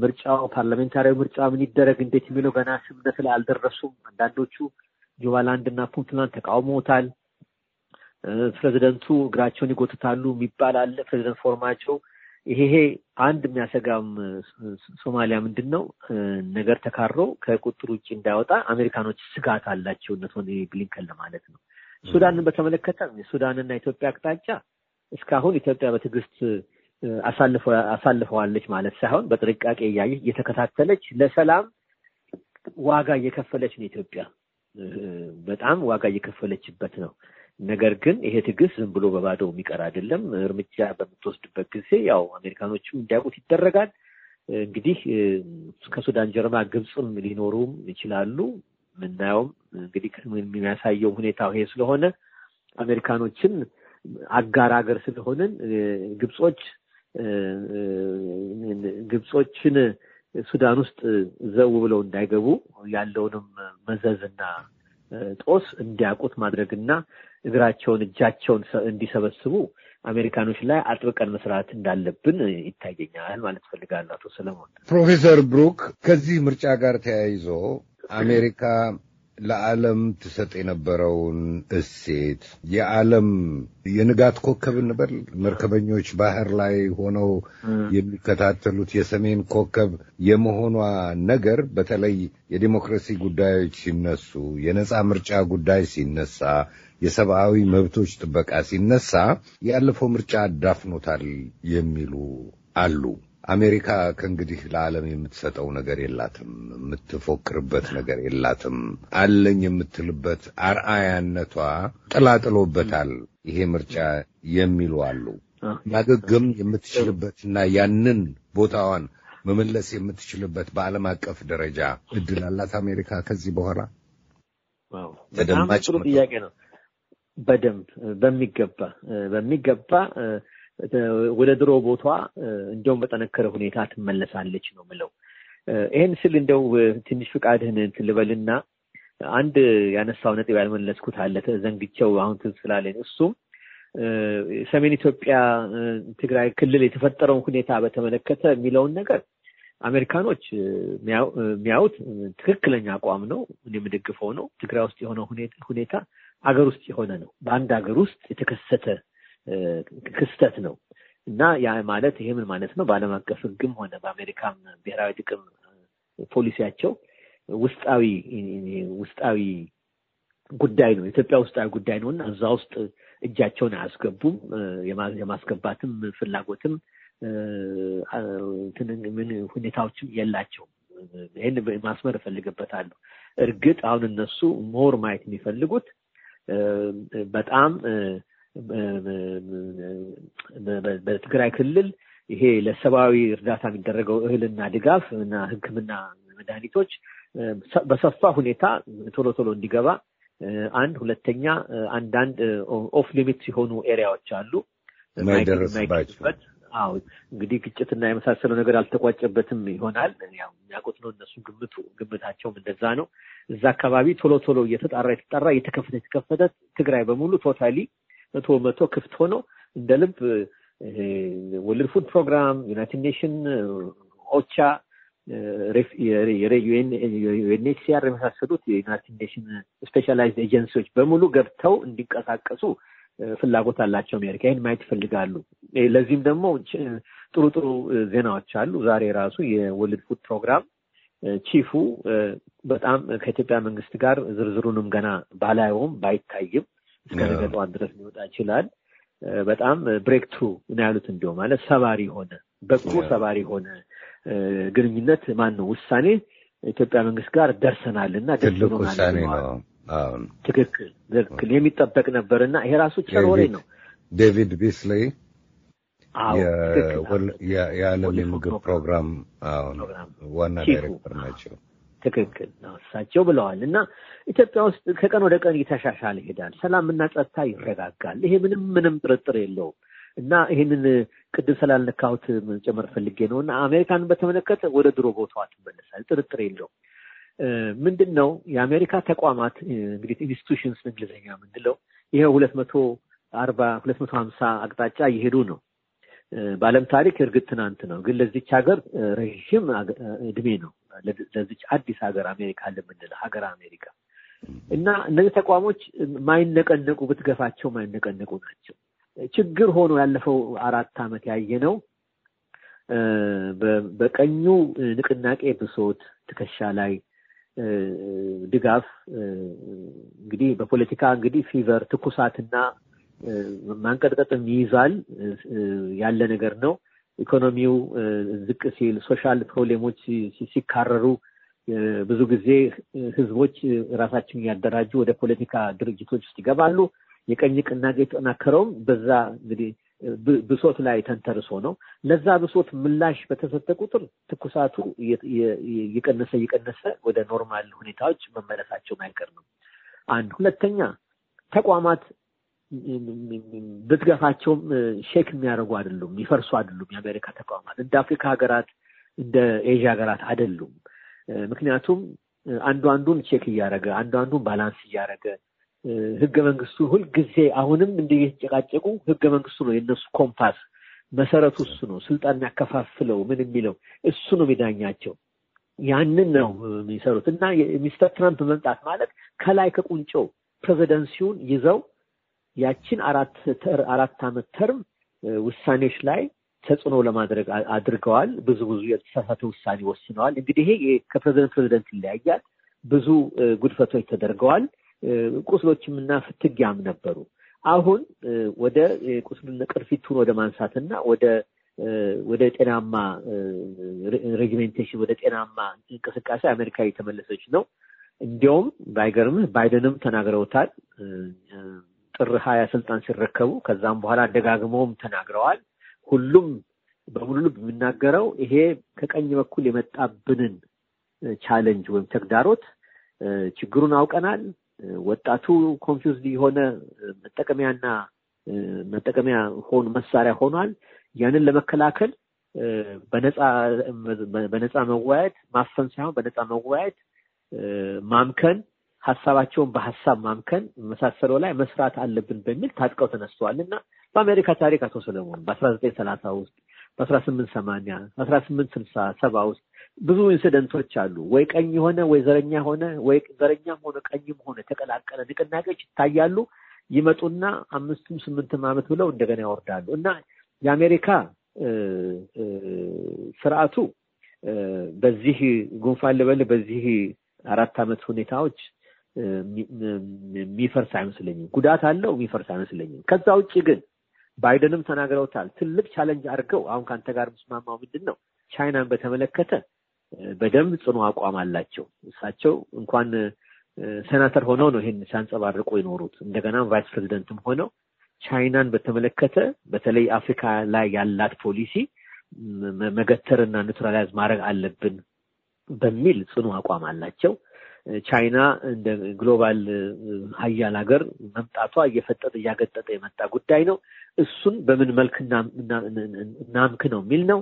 ምርጫው ፓርላሜንታሪያዊ ምርጫ ምን ይደረግ እንዴት የሚለው ገና ስምነት ላይ አልደረሱም። አንዳንዶቹ ጁባላንድ እና ፑንትላንድ ተቃውመውታል። ፕሬዚደንቱ እግራቸውን ይጎትታሉ የሚባል አለ። ፕሬዚደንት ፎርማቸው ይሄ አንድ የሚያሰጋም ሶማሊያ ምንድን ነው ነገር ተካሮ ከቁጥር ውጭ እንዳይወጣ አሜሪካኖች ስጋት አላቸው እነ ቶኒ ብሊንከን ለማለት ነው። ሱዳንን በተመለከተ ሱዳንና ኢትዮጵያ አቅጣጫ እስካሁን ኢትዮጵያ በትዕግስት አሳልፈዋለች ማለት ሳይሆን በጥንቃቄ እያየች እየተከታተለች ለሰላም ዋጋ እየከፈለች ነው። ኢትዮጵያ በጣም ዋጋ እየከፈለችበት ነው። ነገር ግን ይሄ ትዕግስት ዝም ብሎ በባዶ የሚቀር አይደለም። እርምጃ በምትወስድበት ጊዜ ያው አሜሪካኖችም እንዲያውቁት ይደረጋል። እንግዲህ ከሱዳን ጀርባ ግብፅም ሊኖሩም ይችላሉ። ምናየውም እንግዲህ የሚያሳየው ሁኔታው ይሄ ስለሆነ አሜሪካኖችን አጋር ሀገር ስለሆንን ግብጾች ግብጾችን ሱዳን ውስጥ ዘው ብለው እንዳይገቡ ያለውንም መዘዝና ጦስ እንዲያውቁት ማድረግና እግራቸውን እጃቸውን እንዲሰበስቡ አሜሪካኖች ላይ አጥብቀን መስራት እንዳለብን ይታየኛል ማለት ፈልጋለሁ። አቶ ሰለሞን ፕሮፌሰር ብሩክ ከዚህ ምርጫ ጋር ተያይዞ አሜሪካ ለዓለም ትሰጥ የነበረውን እሴት የዓለም የንጋት ኮከብ እንበል መርከበኞች ባህር ላይ ሆነው የሚከታተሉት የሰሜን ኮከብ የመሆኗ ነገር በተለይ የዲሞክራሲ ጉዳዮች ሲነሱ፣ የነፃ ምርጫ ጉዳይ ሲነሳ፣ የሰብአዊ መብቶች ጥበቃ ሲነሳ ያለፈው ምርጫ አዳፍኖታል የሚሉ አሉ። አሜሪካ ከእንግዲህ ለዓለም የምትሰጠው ነገር የላትም፣ የምትፎክርበት ነገር የላትም። አለኝ የምትልበት አርአያነቷ ጥላጥሎበታል ይሄ ምርጫ የሚሉ አሉ። ማገገም የምትችልበትና ያንን ቦታዋን መመለስ የምትችልበት በዓለም አቀፍ ደረጃ እድል አላት አሜሪካ ከዚህ በኋላ? ጥሩ ጥያቄ ነው። በደንብ በሚገባ በሚገባ ወደ ድሮ ቦቷ እንደውም በጠነከረ ሁኔታ ትመለሳለች ነው ምለው። ይህን ስል እንደው ትንሽ ፍቃድህን ትልበልና አንድ ያነሳው ነጥብ ያልመለስኩት አለ ዘንግቸው አሁን ትዝ ስላለኝ እሱም ሰሜን ኢትዮጵያ ትግራይ ክልል የተፈጠረውን ሁኔታ በተመለከተ የሚለውን ነገር አሜሪካኖች የሚያዩት ትክክለኛ አቋም ነው። እኔ የምደግፈው ነው። ትግራይ ውስጥ የሆነ ሁኔታ አገር ውስጥ የሆነ ነው። በአንድ ሀገር ውስጥ የተከሰተ ክስተት ነው እና ያ ማለት ይሄ ምን ማለት ነው? በዓለም አቀፍ ሕግም ሆነ በአሜሪካም ብሔራዊ ጥቅም ፖሊሲያቸው ውስጣዊ ውስጣዊ ጉዳይ ነው። ኢትዮጵያ ውስጣዊ ጉዳይ ነው እና እዛ ውስጥ እጃቸውን አያስገቡም። የማስገባትም ፍላጎትም ሁኔታዎችም የላቸውም። ይህን ማስመር እፈልግበታለሁ። እርግጥ አሁን እነሱ ሞር ማየት የሚፈልጉት በጣም በትግራይ ክልል ይሄ ለሰብአዊ እርዳታ የሚደረገው እህልና ድጋፍ እና ሕክምና መድኃኒቶች በሰፋ ሁኔታ ቶሎ ቶሎ እንዲገባ አንድ ሁለተኛ፣ አንዳንድ ኦፍ ሊሚት የሆኑ ኤሪያዎች አሉ የማይደረስበት አዎ እንግዲህ ግጭትና የመሳሰለው ነገር አልተቋጨበትም ይሆናል። ያው የሚያውቁት ነው እነሱ ግምቱ ግምታቸውም እንደዛ ነው። እዛ አካባቢ ቶሎ ቶሎ እየተጣራ የተጠራ እየተከፈተ የተከፈተ ትግራይ በሙሉ ቶታሊ መቶ መቶ ክፍት ሆኖ እንደ ልብ ወልድ ፉድ ፕሮግራም፣ ዩናይትድ ኔሽን፣ ኦቻ፣ ዩኤንኤችሲአር የመሳሰሉት የዩናይትድ ኔሽን ስፔሻላይዝድ ኤጀንሲዎች በሙሉ ገብተው እንዲንቀሳቀሱ ፍላጎት አላቸው። አሜሪካ ይህን ማየት ይፈልጋሉ። ለዚህም ደግሞ ጥሩ ጥሩ ዜናዎች አሉ። ዛሬ ራሱ የወልድ ፉድ ፕሮግራም ቺፉ በጣም ከኢትዮጵያ መንግስት ጋር ዝርዝሩንም ገና ባላየውም ባይታይም እስከ ነገ ጠዋት ድረስ ሊወጣ ይችላል። በጣም ብሬክ ትሩ ነው ያሉት እንዲሁ ማለት ሰባሪ ሆነ በቁ ሰባሪ ሆነ ግንኙነት ማን ነው ውሳኔ ኢትዮጵያ መንግስት ጋር ደርሰናል እና ትልቅ ውሳኔ ነው። ትክክል ትክክል የሚጠበቅ ነበር እና ይሄ ራሱ ቸር ነው። ዴቪድ ቢስሌይ የዓለም የምግብ ፕሮግራም ዋና ዳይሬክተር ናቸው። ትክክል ነው እሳቸው ብለዋል። እና ኢትዮጵያ ውስጥ ከቀን ወደ ቀን እየተሻሻለ ይሄዳል። ሰላምና ጸጥታ ይረጋጋል። ይሄ ምንም ምንም ጥርጥር የለውም። እና ይህንን ቅድም ስላልነካሁት መጨመር ፈልጌ ነው። እና አሜሪካን በተመለከተ ወደ ድሮ ቦታዋ ትመለሳል፣ ጥርጥር የለውም። ምንድን ነው የአሜሪካ ተቋማት እንግዲህ ኢንስቲቱሽንስ እንግሊዝኛ ምንለው ይሄ ሁለት መቶ አርባ ሁለት መቶ ሀምሳ አቅጣጫ እየሄዱ ነው። በዓለም ታሪክ እርግጥ ትናንት ነው፣ ግን ለዚች ሀገር ረዥም እድሜ ነው ለዚች አዲስ ሀገር አሜሪካ ለምንል ሀገር አሜሪካ እና እነዚህ ተቋሞች ማይነቀነቁ ብትገፋቸው ማይነቀነቁ ናቸው። ችግር ሆኖ ያለፈው አራት ዓመት ያየ ነው። በቀኙ ንቅናቄ ብሶት ትከሻ ላይ ድጋፍ እንግዲህ በፖለቲካ እንግዲህ ፊቨር ትኩሳትና ማንቀጥቀጥም ይይዛል ያለ ነገር ነው። ኢኮኖሚው ዝቅ ሲል፣ ሶሻል ፕሮብሌሞች ሲካረሩ ብዙ ጊዜ ህዝቦች ራሳቸውን ያደራጁ ወደ ፖለቲካ ድርጅቶች ውስጥ ይገባሉ። የቀኝ ንቅናቄ የተጠናከረውም በዛ እንግዲህ ብሶት ላይ ተንተርሶ ነው። ለዛ ብሶት ምላሽ በተሰጠ ቁጥር ትኩሳቱ እየቀነሰ እየቀነሰ ወደ ኖርማል ሁኔታዎች መመለሳቸው አይቀር ነው። አንድ ሁለተኛ ተቋማት ብትገፋቸውም ሼክ የሚያደርጉ አይደሉም፣ የሚፈርሱ አይደሉም። የአሜሪካ ተቋማት እንደ አፍሪካ ሀገራት፣ እንደ ኤዥያ ሀገራት አይደሉም። ምክንያቱም አንዱ አንዱን ቼክ እያደረገ አንዱ አንዱን ባላንስ እያደረገ ህገ መንግስቱ ሁልጊዜ አሁንም እንደየተጨቃጨቁ የተጨቃጨቁ ህገ መንግስቱ ነው የእነሱ ኮምፓስ መሰረቱ እሱ ነው። ስልጣን የሚያከፋፍለው ምን የሚለው እሱ ነው የሚዳኛቸው። ያንን ነው የሚሰሩት እና ሚስተር ትራምፕ መምጣት ማለት ከላይ ከቁንጮው ፕሬዚደንሲውን ይዘው ያችን አራት አራት አመት ተርም ውሳኔዎች ላይ ተጽዕኖ ለማድረግ አድርገዋል። ብዙ ብዙ የተሳሳተ ውሳኔ ወስነዋል። እንግዲህ ይሄ ከፕሬዚደንት ፕሬዚደንት ይለያያል። ብዙ ጉድፈቶች ተደርገዋል። ቁስሎችም እና ፍትጊያም ነበሩ። አሁን ወደ ቁስሉን ቅርፊቱን ወደ እና ወደ ወደ ጤናማ ሬጅሜንቴሽን ወደ ጤናማ እንቅስቃሴ አሜሪካ የተመለሰች ነው። እንዲያውም ባይገርምህ ባይደንም ተናግረውታል ጥር ሀያ ስልጣን ሲረከቡ ከዛም በኋላ ደጋግመውም ተናግረዋል። ሁሉም በሙሉ ልብ የሚናገረው ይሄ ከቀኝ በኩል የመጣብንን ቻለንጅ ወይም ተግዳሮት ችግሩን አውቀናል። ወጣቱ ኮንፊውዝድ የሆነ መጠቀሚያና መጠቀሚያ ሆኑ መሳሪያ ሆኗል። ያንን ለመከላከል በነፃ መወያየት ማፈን ሳይሆን በነፃ መወያየት ማምከን ሀሳባቸውን በሀሳብ ማምከን መሳሰለው ላይ መስራት አለብን በሚል ታጥቀው ተነስተዋል እና በአሜሪካ ታሪክ አቶ ሰለሞን በአስራ ዘጠኝ ሰላሳ ውስጥ በአስራ ስምንት ሰማኒያ አስራ ስምንት ስልሳ ሰባ ውስጥ ብዙ ኢንስደንቶች አሉ። ወይ ቀኝ የሆነ ወይ ዘረኛ ሆነ ወይ ዘረኛም ሆነ ቀኝም ሆነ የተቀላቀለ ንቅናቄዎች ይታያሉ። ይመጡና አምስቱም ስምንትም ዓመት ብለው እንደገና ያወርዳሉ እና የአሜሪካ ስርዓቱ በዚህ ጉንፋን ልበል በዚህ አራት ዓመት ሁኔታዎች የሚፈርስ አይመስለኝም። ጉዳት አለው የሚፈርስ አይመስለኝም። ከዛ ውጭ ግን ባይደንም ተናግረውታል። ትልቅ ቻለንጅ አድርገው አሁን ከአንተ ጋር ምስማማው ምንድን ነው ቻይናን በተመለከተ በደንብ ጽኑ አቋም አላቸው። እሳቸው እንኳን ሴናተር ሆነው ነው ይህን ሲያንጸባርቁ የኖሩት። እንደገናም ቫይስ ፕሬዚደንትም ሆነው ቻይናን በተመለከተ በተለይ አፍሪካ ላይ ያላት ፖሊሲ መገተርና ኒውትራላይዝ ማድረግ አለብን በሚል ጽኑ አቋም አላቸው። ቻይና እንደ ግሎባል ሀያል ሀገር መምጣቷ እየፈጠጠ እያገጠጠ የመጣ ጉዳይ ነው። እሱን በምን መልክ እናምክ ነው የሚል ነው።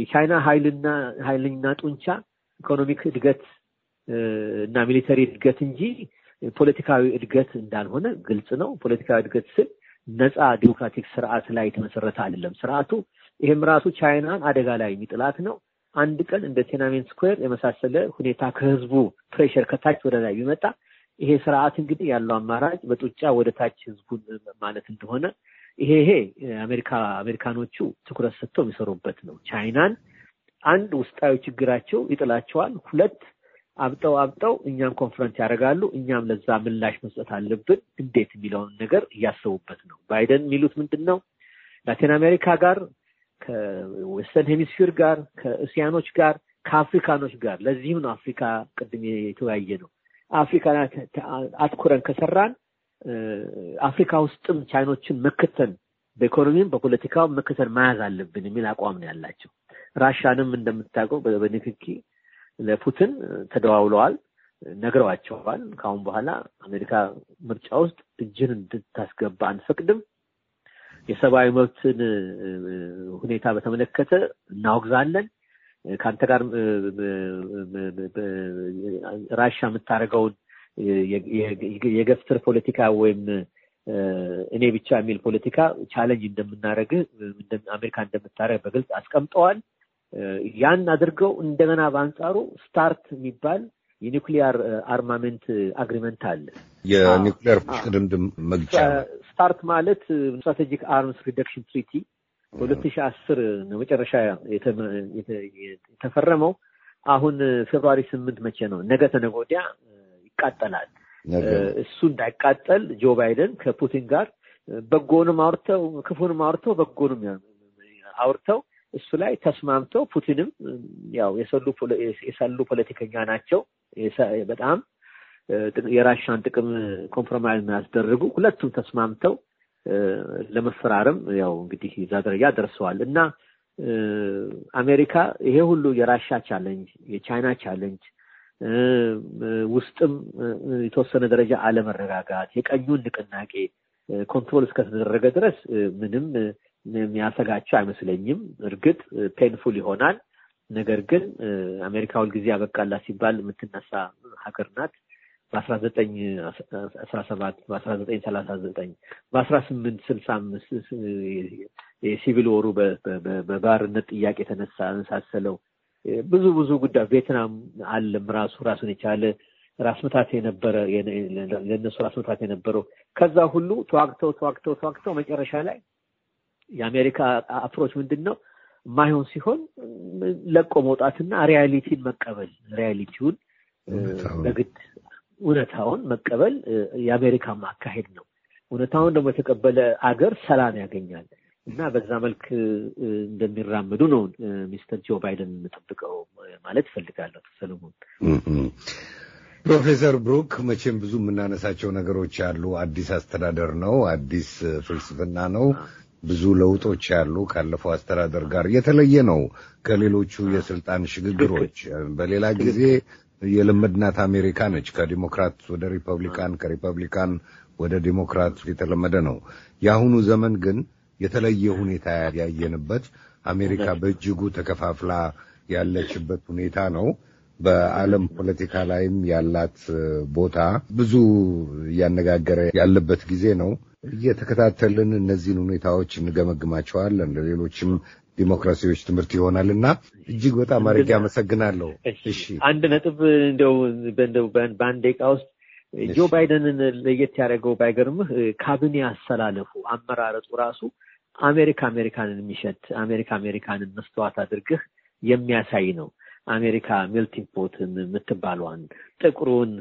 የቻይና ኃይልና ጡንቻ ኢኮኖሚክ እድገት እና ሚሊተሪ እድገት እንጂ ፖለቲካዊ እድገት እንዳልሆነ ግልጽ ነው። ፖለቲካዊ እድገት ስል ነፃ ዲሞክራቲክ ስርዓት ላይ የተመሰረተ አይደለም ስርዓቱ። ይህም ራሱ ቻይናን አደጋ ላይ የሚጥላት ነው። አንድ ቀን እንደ ቴናሜን ስኩዌር የመሳሰለ ሁኔታ ከህዝቡ ፕሬሽር ከታች ወደ ላይ ቢመጣ ይሄ ስርዓት እንግዲህ ያለው አማራጭ በጡጫ ወደ ታች ህዝቡን ማለት እንደሆነ ይሄ ይሄ አሜሪካ አሜሪካኖቹ ትኩረት ሰጥተው የሚሰሩበት ነው። ቻይናን አንድ ውስጣዊ ችግራቸው ይጥላቸዋል። ሁለት አብጠው አብጠው እኛም ኮንፈረንስ ያደርጋሉ። እኛም ለዛ ምላሽ መስጠት አለብን እንዴት የሚለውን ነገር እያሰቡበት ነው። ባይደን የሚሉት ምንድን ነው? ላቲን አሜሪካ ጋር ከዌስተርን ሄሚስፌር ጋር ከእስያኖች ጋር ከአፍሪካኖች ጋር ለዚህም ነው አፍሪካ ቅድም የተወያየ ነው። አፍሪካ አትኩረን ከሰራን አፍሪካ ውስጥም ቻይኖችን መክተን በኢኮኖሚም በፖለቲካውም መክተን መያዝ አለብን የሚል አቋም ነው ያላቸው። ራሻንም እንደምታውቀው በንክኪ ለፑትን ተደዋውለዋል፣ ነግረዋቸዋል። ከአሁን በኋላ አሜሪካ ምርጫ ውስጥ እጅን እንድታስገባ አንፈቅድም የሰብአዊ መብትን ሁኔታ በተመለከተ እናወግዛለን። ከአንተ ጋር ራሻ የምታደርገውን የገፍትር ፖለቲካ ወይም እኔ ብቻ የሚል ፖለቲካ ቻለንጅ እንደምናደርግ አሜሪካ እንደምታደርግ በግልጽ አስቀምጠዋል። ያን አድርገው እንደገና በአንጻሩ ስታርት የሚባል የኒውክሊየር አርማመንት አግሪመንት አለ። የኒውክሊየር ሽቅድምድም መግጫ ስታርት ማለት ስትራቴጂክ አርምስ ሪደክሽን ትሪቲ በሁለት ሺህ አስር ነው መጨረሻ የተፈረመው። አሁን ፌብሩዋሪ ስምንት መቼ ነው? ነገ ተነገ ወዲያ ይቃጠላል። እሱ እንዳይቃጠል ጆ ባይደን ከፑቲን ጋር በጎንም አውርተው ክፉንም አውርተው በጎንም አውርተው እሱ ላይ ተስማምተው ፑቲንም ያው የሰሉ ፖለቲከኛ ናቸው። በጣም የራሻን ጥቅም ኮምፕሮማይዝ የሚያስደርጉ ሁለቱም ተስማምተው ለመፈራረም ያው እንግዲህ እዛ ደረጃ ደርሰዋል እና አሜሪካ ይሄ ሁሉ የራሻ ቻለንጅ የቻይና ቻለንጅ ውስጥም የተወሰነ ደረጃ አለመረጋጋት የቀኙን ንቅናቄ ኮንትሮል እስከተደረገ ድረስ ምንም የሚያሰጋቸው አይመስለኝም። እርግጥ ፔንፉል ይሆናል። ነገር ግን አሜሪካ ሁልጊዜ አበቃላት ሲባል የምትነሳ ሀገር ናት። በአስራ ዘጠኝ አስራ ሰባት በአስራ ዘጠኝ ሰላሳ ዘጠኝ በአስራ ስምንት ስልሳ አምስት የሲቪል ወሩ በባርነት ጥያቄ የተነሳ መሳሰለው ብዙ ብዙ ጉዳይ ቬትናም አለም ራሱ ራሱን የቻለ ራስ ምታት የነበረ ለእነሱ ራስ ምታት የነበረው ከዛ ሁሉ ተዋግተው ተዋግተው ተዋግተው መጨረሻ ላይ የአሜሪካ አፕሮች ምንድን ነው? ማይሆን ሲሆን ለቆ መውጣትና ሪያሊቲን መቀበል ሪያሊቲውን በግድ እውነታውን መቀበል የአሜሪካ ማካሄድ ነው። እውነታውን ደግሞ የተቀበለ አገር ሰላም ያገኛል እና በዛ መልክ እንደሚራመዱ ነው ሚስተር ጆ ባይደን የምጠብቀው ማለት እፈልጋለሁ። ሰለሞን ፕሮፌሰር ብሩክ መቼም ብዙ የምናነሳቸው ነገሮች አሉ። አዲስ አስተዳደር ነው፣ አዲስ ፍልስፍና ነው፣ ብዙ ለውጦች ያሉ ካለፈው አስተዳደር ጋር የተለየ ነው ከሌሎቹ የስልጣን ሽግግሮች። በሌላ ጊዜ የለመድናት አሜሪካ ነች። ከዲሞክራት ወደ ሪፐብሊካን፣ ከሪፐብሊካን ወደ ዲሞክራት የተለመደ ነው። የአሁኑ ዘመን ግን የተለየ ሁኔታ ያየንበት አሜሪካ በእጅጉ ተከፋፍላ ያለችበት ሁኔታ ነው። በዓለም ፖለቲካ ላይም ያላት ቦታ ብዙ እያነጋገረ ያለበት ጊዜ ነው። እየተከታተልን እነዚህን ሁኔታዎች እንገመግማቸዋለን። ለሌሎችም ዲሞክራሲዎች ትምህርት ይሆናል እና እጅግ በጣም አድርጌ አመሰግናለሁ። እሺ አንድ ነጥብ እንደው በአንድ ደቂቃ ውስጥ ጆ ባይደንን ለየት ያደረገው ባይገርምህ ካቢኔ አሰላለፉ አመራረጡ ራሱ አሜሪካ አሜሪካንን የሚሸት አሜሪካ አሜሪካንን መስተዋት አድርግህ የሚያሳይ ነው። አሜሪካ ሜልቲንግ ፖትን የምትባሏን ጥቁሩን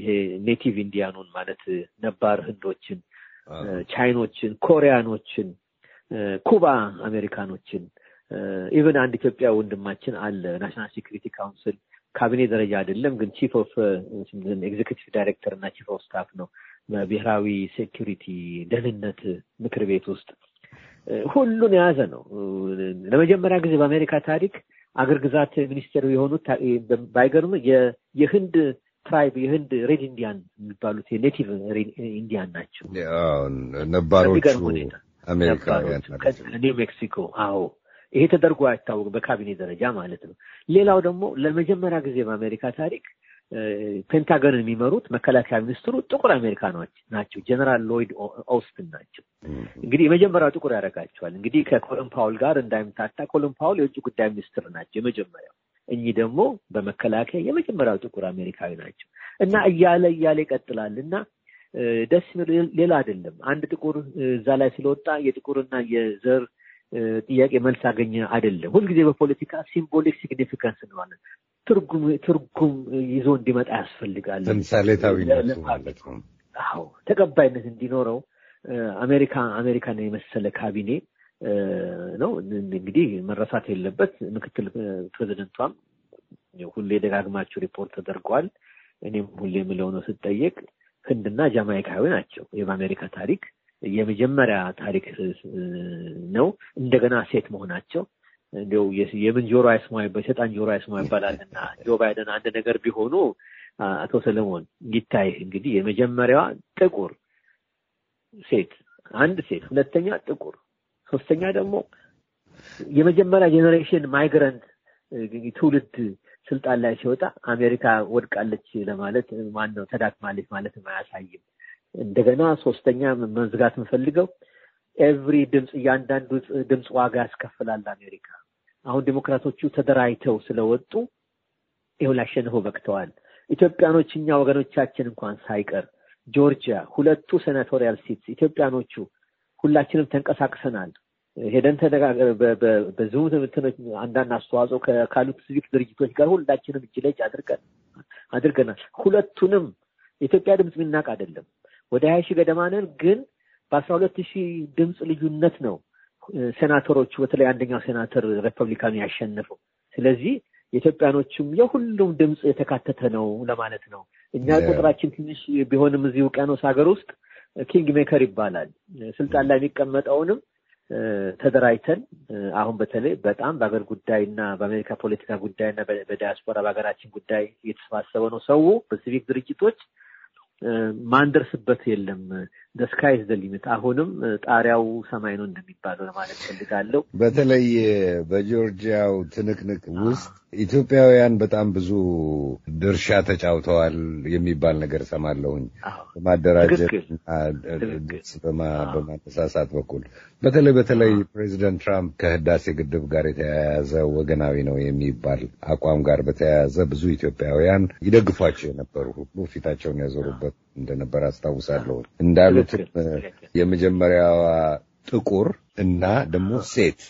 ይሄ ኔቲቭ ኢንዲያኑን ማለት ነባር ህንዶችን፣ ቻይኖችን፣ ኮሪያኖችን፣ ኩባ አሜሪካኖችን ኢቨን አንድ ኢትዮጵያ ወንድማችን አለ ናሽናል ሴኩሪቲ ካውንስል ካቢኔ ደረጃ አይደለም ግን ቺፍ ኦፍ ኤግዚኪቲቭ ዳይሬክተር እና ቺፍ ኦፍ ስታፍ ነው በብሔራዊ ሴኩሪቲ ደህንነት ምክር ቤት ውስጥ ሁሉን የያዘ ነው። ለመጀመሪያ ጊዜ በአሜሪካ ታሪክ አገር ግዛት ሚኒስቴር የሆኑት ባይገርም የህንድ ትራይብ የህንድ ሬድ ኢንዲያን የሚባሉት የኔቲቭ ኢንዲያን ናቸው። ነባሮቹ ኒው ሜክሲኮ። አዎ ይሄ ተደርጎ አይታወቅም በካቢኔ ደረጃ ማለት ነው። ሌላው ደግሞ ለመጀመሪያ ጊዜ በአሜሪካ ታሪክ ፔንታገንን የሚመሩት መከላከያ ሚኒስትሩ ጥቁር አሜሪካኖች ናቸው። ጀነራል ሎይድ ኦስትን ናቸው። እንግዲህ የመጀመሪያው ጥቁር ያደርጋቸዋል። እንግዲህ ከኮሎን ፓውል ጋር እንዳይምታታ፣ ኮሎን ፓውል የውጭ ጉዳይ ሚኒስትር ናቸው የመጀመሪያው። እኚህ ደግሞ በመከላከያ የመጀመሪያው ጥቁር አሜሪካዊ ናቸው እና እያለ እያለ ይቀጥላል እና ደስ የሚለው ሌላ አይደለም። አንድ ጥቁር እዛ ላይ ስለወጣ የጥቁርና የዘር ጥያቄ መልስ አገኘ አይደለም። ሁልጊዜ በፖለቲካ ሲምቦሊክ ሲግኒፊካንስ እንለዋለን። ትርጉም ትርጉም ይዞ እንዲመጣ ያስፈልጋል። አዎ ተቀባይነት እንዲኖረው አሜሪካ አሜሪካን የመሰለ ካቢኔ ነው እንግዲህ መረሳት የለበት። ምክትል ፕሬዚደንቷም ሁሌ ደጋግማቸው ሪፖርት ተደርገዋል። እኔም ሁሌ የምለው ነው ስጠየቅ ህንድና ጃማይካዊ ናቸው። ይህ በአሜሪካ ታሪክ የመጀመሪያ ታሪክ ነው። እንደገና ሴት መሆናቸው እንዲው የምን ጆሮ አይስማ በሰይጣን ጆሮ አይስማ እና ጆ ባይደን አንድ ነገር ቢሆኑ አቶ ሰለሞን ይታይ እንግዲህ የመጀመሪያዋ ጥቁር ሴት አንድ ሴት፣ ሁለተኛ ጥቁር፣ ሶስተኛ ደግሞ የመጀመሪያ ጄኔሬሽን ማይግራንት ትውልድ ስልጣን ላይ ሲወጣ አሜሪካ ወድቃለች ለማለት ማን ነው ተዳክማለች ማለት አያሳይም። እንደገና ሶስተኛ መዝጋት የምፈልገው ኤቭሪ ድምፅ እያንዳንዱ ድምፅ ዋጋ ያስከፍላል አሜሪካ። አሁን ዲሞክራቶቹ ተደራጅተው ስለወጡ ይሁ ላሸንፈው በቅተዋል። ኢትዮጵያኖች እኛ ወገኖቻችን እንኳን ሳይቀር ጆርጂያ ሁለቱ ሴናቶሪያል ሲትስ ኢትዮጵያኖቹ ሁላችንም ተንቀሳቅሰናል። ሄደን ተነጋገር በዙም ትምህርትኖች አንዳንድ አስተዋጽኦ ካሉት ሲቪክ ድርጅቶች ጋር ሁላችንም እጅ ለጅ አድርገናል። ሁለቱንም የኢትዮጵያ ድምፅ የሚናቅ አይደለም። ወደ ሀያ ሺህ ገደማ ነን። ግን በአስራ ሁለት ሺህ ድምፅ ልዩነት ነው ሴናተሮቹ በተለይ አንደኛው ሴናተር ሪፐብሊካኑ ያሸነፈው። ስለዚህ የኢትዮጵያኖችም የሁሉም ድምፅ የተካተተ ነው ለማለት ነው። እኛ ቁጥራችን ትንሽ ቢሆንም እዚህ ውቅያኖስ ሀገር ውስጥ ኪንግ ሜከር ይባላል ስልጣን ላይ የሚቀመጠውንም ተደራጅተን አሁን በተለይ በጣም በሀገር ጉዳይ እና በአሜሪካ ፖለቲካ ጉዳይ እና በዲያስፖራ በሀገራችን ጉዳይ እየተሰባሰበ ነው ሰው በሲቪክ ድርጅቶች ማንደርስበት የለም ደስካይዝ ደሊሚት አሁንም uh, ጣሪያው ሰማይ ነው እንደሚባለው ለማለት ፈልጋለሁ። በተለይ uh, በጆርጂያው ትንቅንቅ ውስጥ ኢትዮጵያውያን በጣም ብዙ ድርሻ ተጫውተዋል የሚባል ነገር ሰማለሁኝ። በማደራጀት በማነሳሳት በኩል በተለይ በተለይ ፕሬዚደንት ትራምፕ ከህዳሴ ግድብ ጋር የተያያዘ ወገናዊ ነው የሚባል አቋም ጋር በተያያዘ ብዙ ኢትዮጵያውያን ይደግፏቸው የነበሩ ሁሉ ፊታቸውን ያዞሩበት እንደነበር አስታውሳለሁ። እንዳሉት የመጀመሪያዋ ጥቁር እና ደግሞ ሴት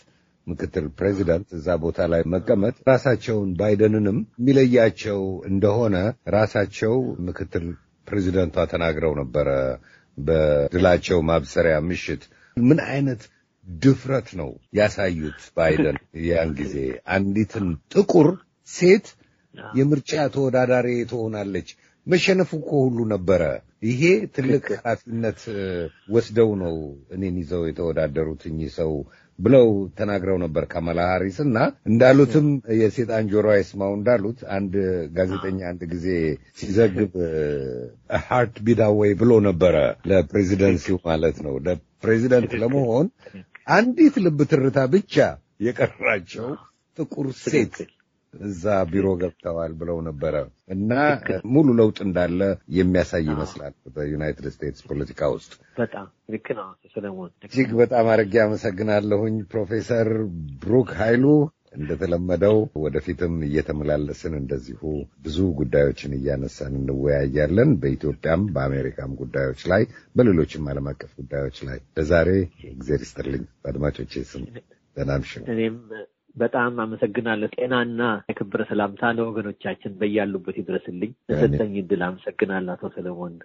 ምክትል ፕሬዚዳንት እዛ ቦታ ላይ መቀመጥ ራሳቸውን ባይደንንም የሚለያቸው እንደሆነ ራሳቸው ምክትል ፕሬዚደንቷ ተናግረው ነበረ። በድላቸው ማብሰሪያ ምሽት ምን አይነት ድፍረት ነው ያሳዩት ባይደን ያን ጊዜ አንዲትን ጥቁር ሴት የምርጫ ተወዳዳሪ ትሆናለች። መሸነፉ እኮ ሁሉ ነበረ። ይሄ ትልቅ ኃላፊነት ወስደው ነው እኔን ይዘው የተወዳደሩት እኚህ ሰው ብለው ተናግረው ነበር ካማላ ሃሪስ። እና እንዳሉትም የሴጣን ጆሮ አይስማው እንዳሉት አንድ ጋዜጠኛ አንድ ጊዜ ሲዘግብ ሃርት ቢዳወይ ብሎ ነበረ። ለፕሬዚደንሲው ማለት ነው። ለፕሬዚደንት ለመሆን አንዲት ልብ ትርታ ብቻ የቀራቸው ጥቁር ሴት እዛ ቢሮ ገብተዋል ብለው ነበረ እና ሙሉ ለውጥ እንዳለ የሚያሳይ ይመስላል በዩናይትድ ስቴትስ ፖለቲካ ውስጥ። በጣም ልክ ነው ሰለሞን። እጅግ በጣም አድርጌ አመሰግናለሁኝ ፕሮፌሰር ብሩክ ሀይሉ እንደተለመደው ወደፊትም እየተመላለስን እንደዚሁ ብዙ ጉዳዮችን እያነሳን እንወያያለን። በኢትዮጵያም በአሜሪካም ጉዳዮች ላይ በሌሎችም አለም አቀፍ ጉዳዮች ላይ ለዛሬ እግዜር ይስጥልኝ በአድማጮቼ ስም ደህና በጣም አመሰግናለሁ። ጤናና የክብረ ሰላምታ ለወገኖቻችን በያሉበት ይድረስልኝ። ለሰጠኝ እድል አመሰግናለሁ አቶ ሰለሞን።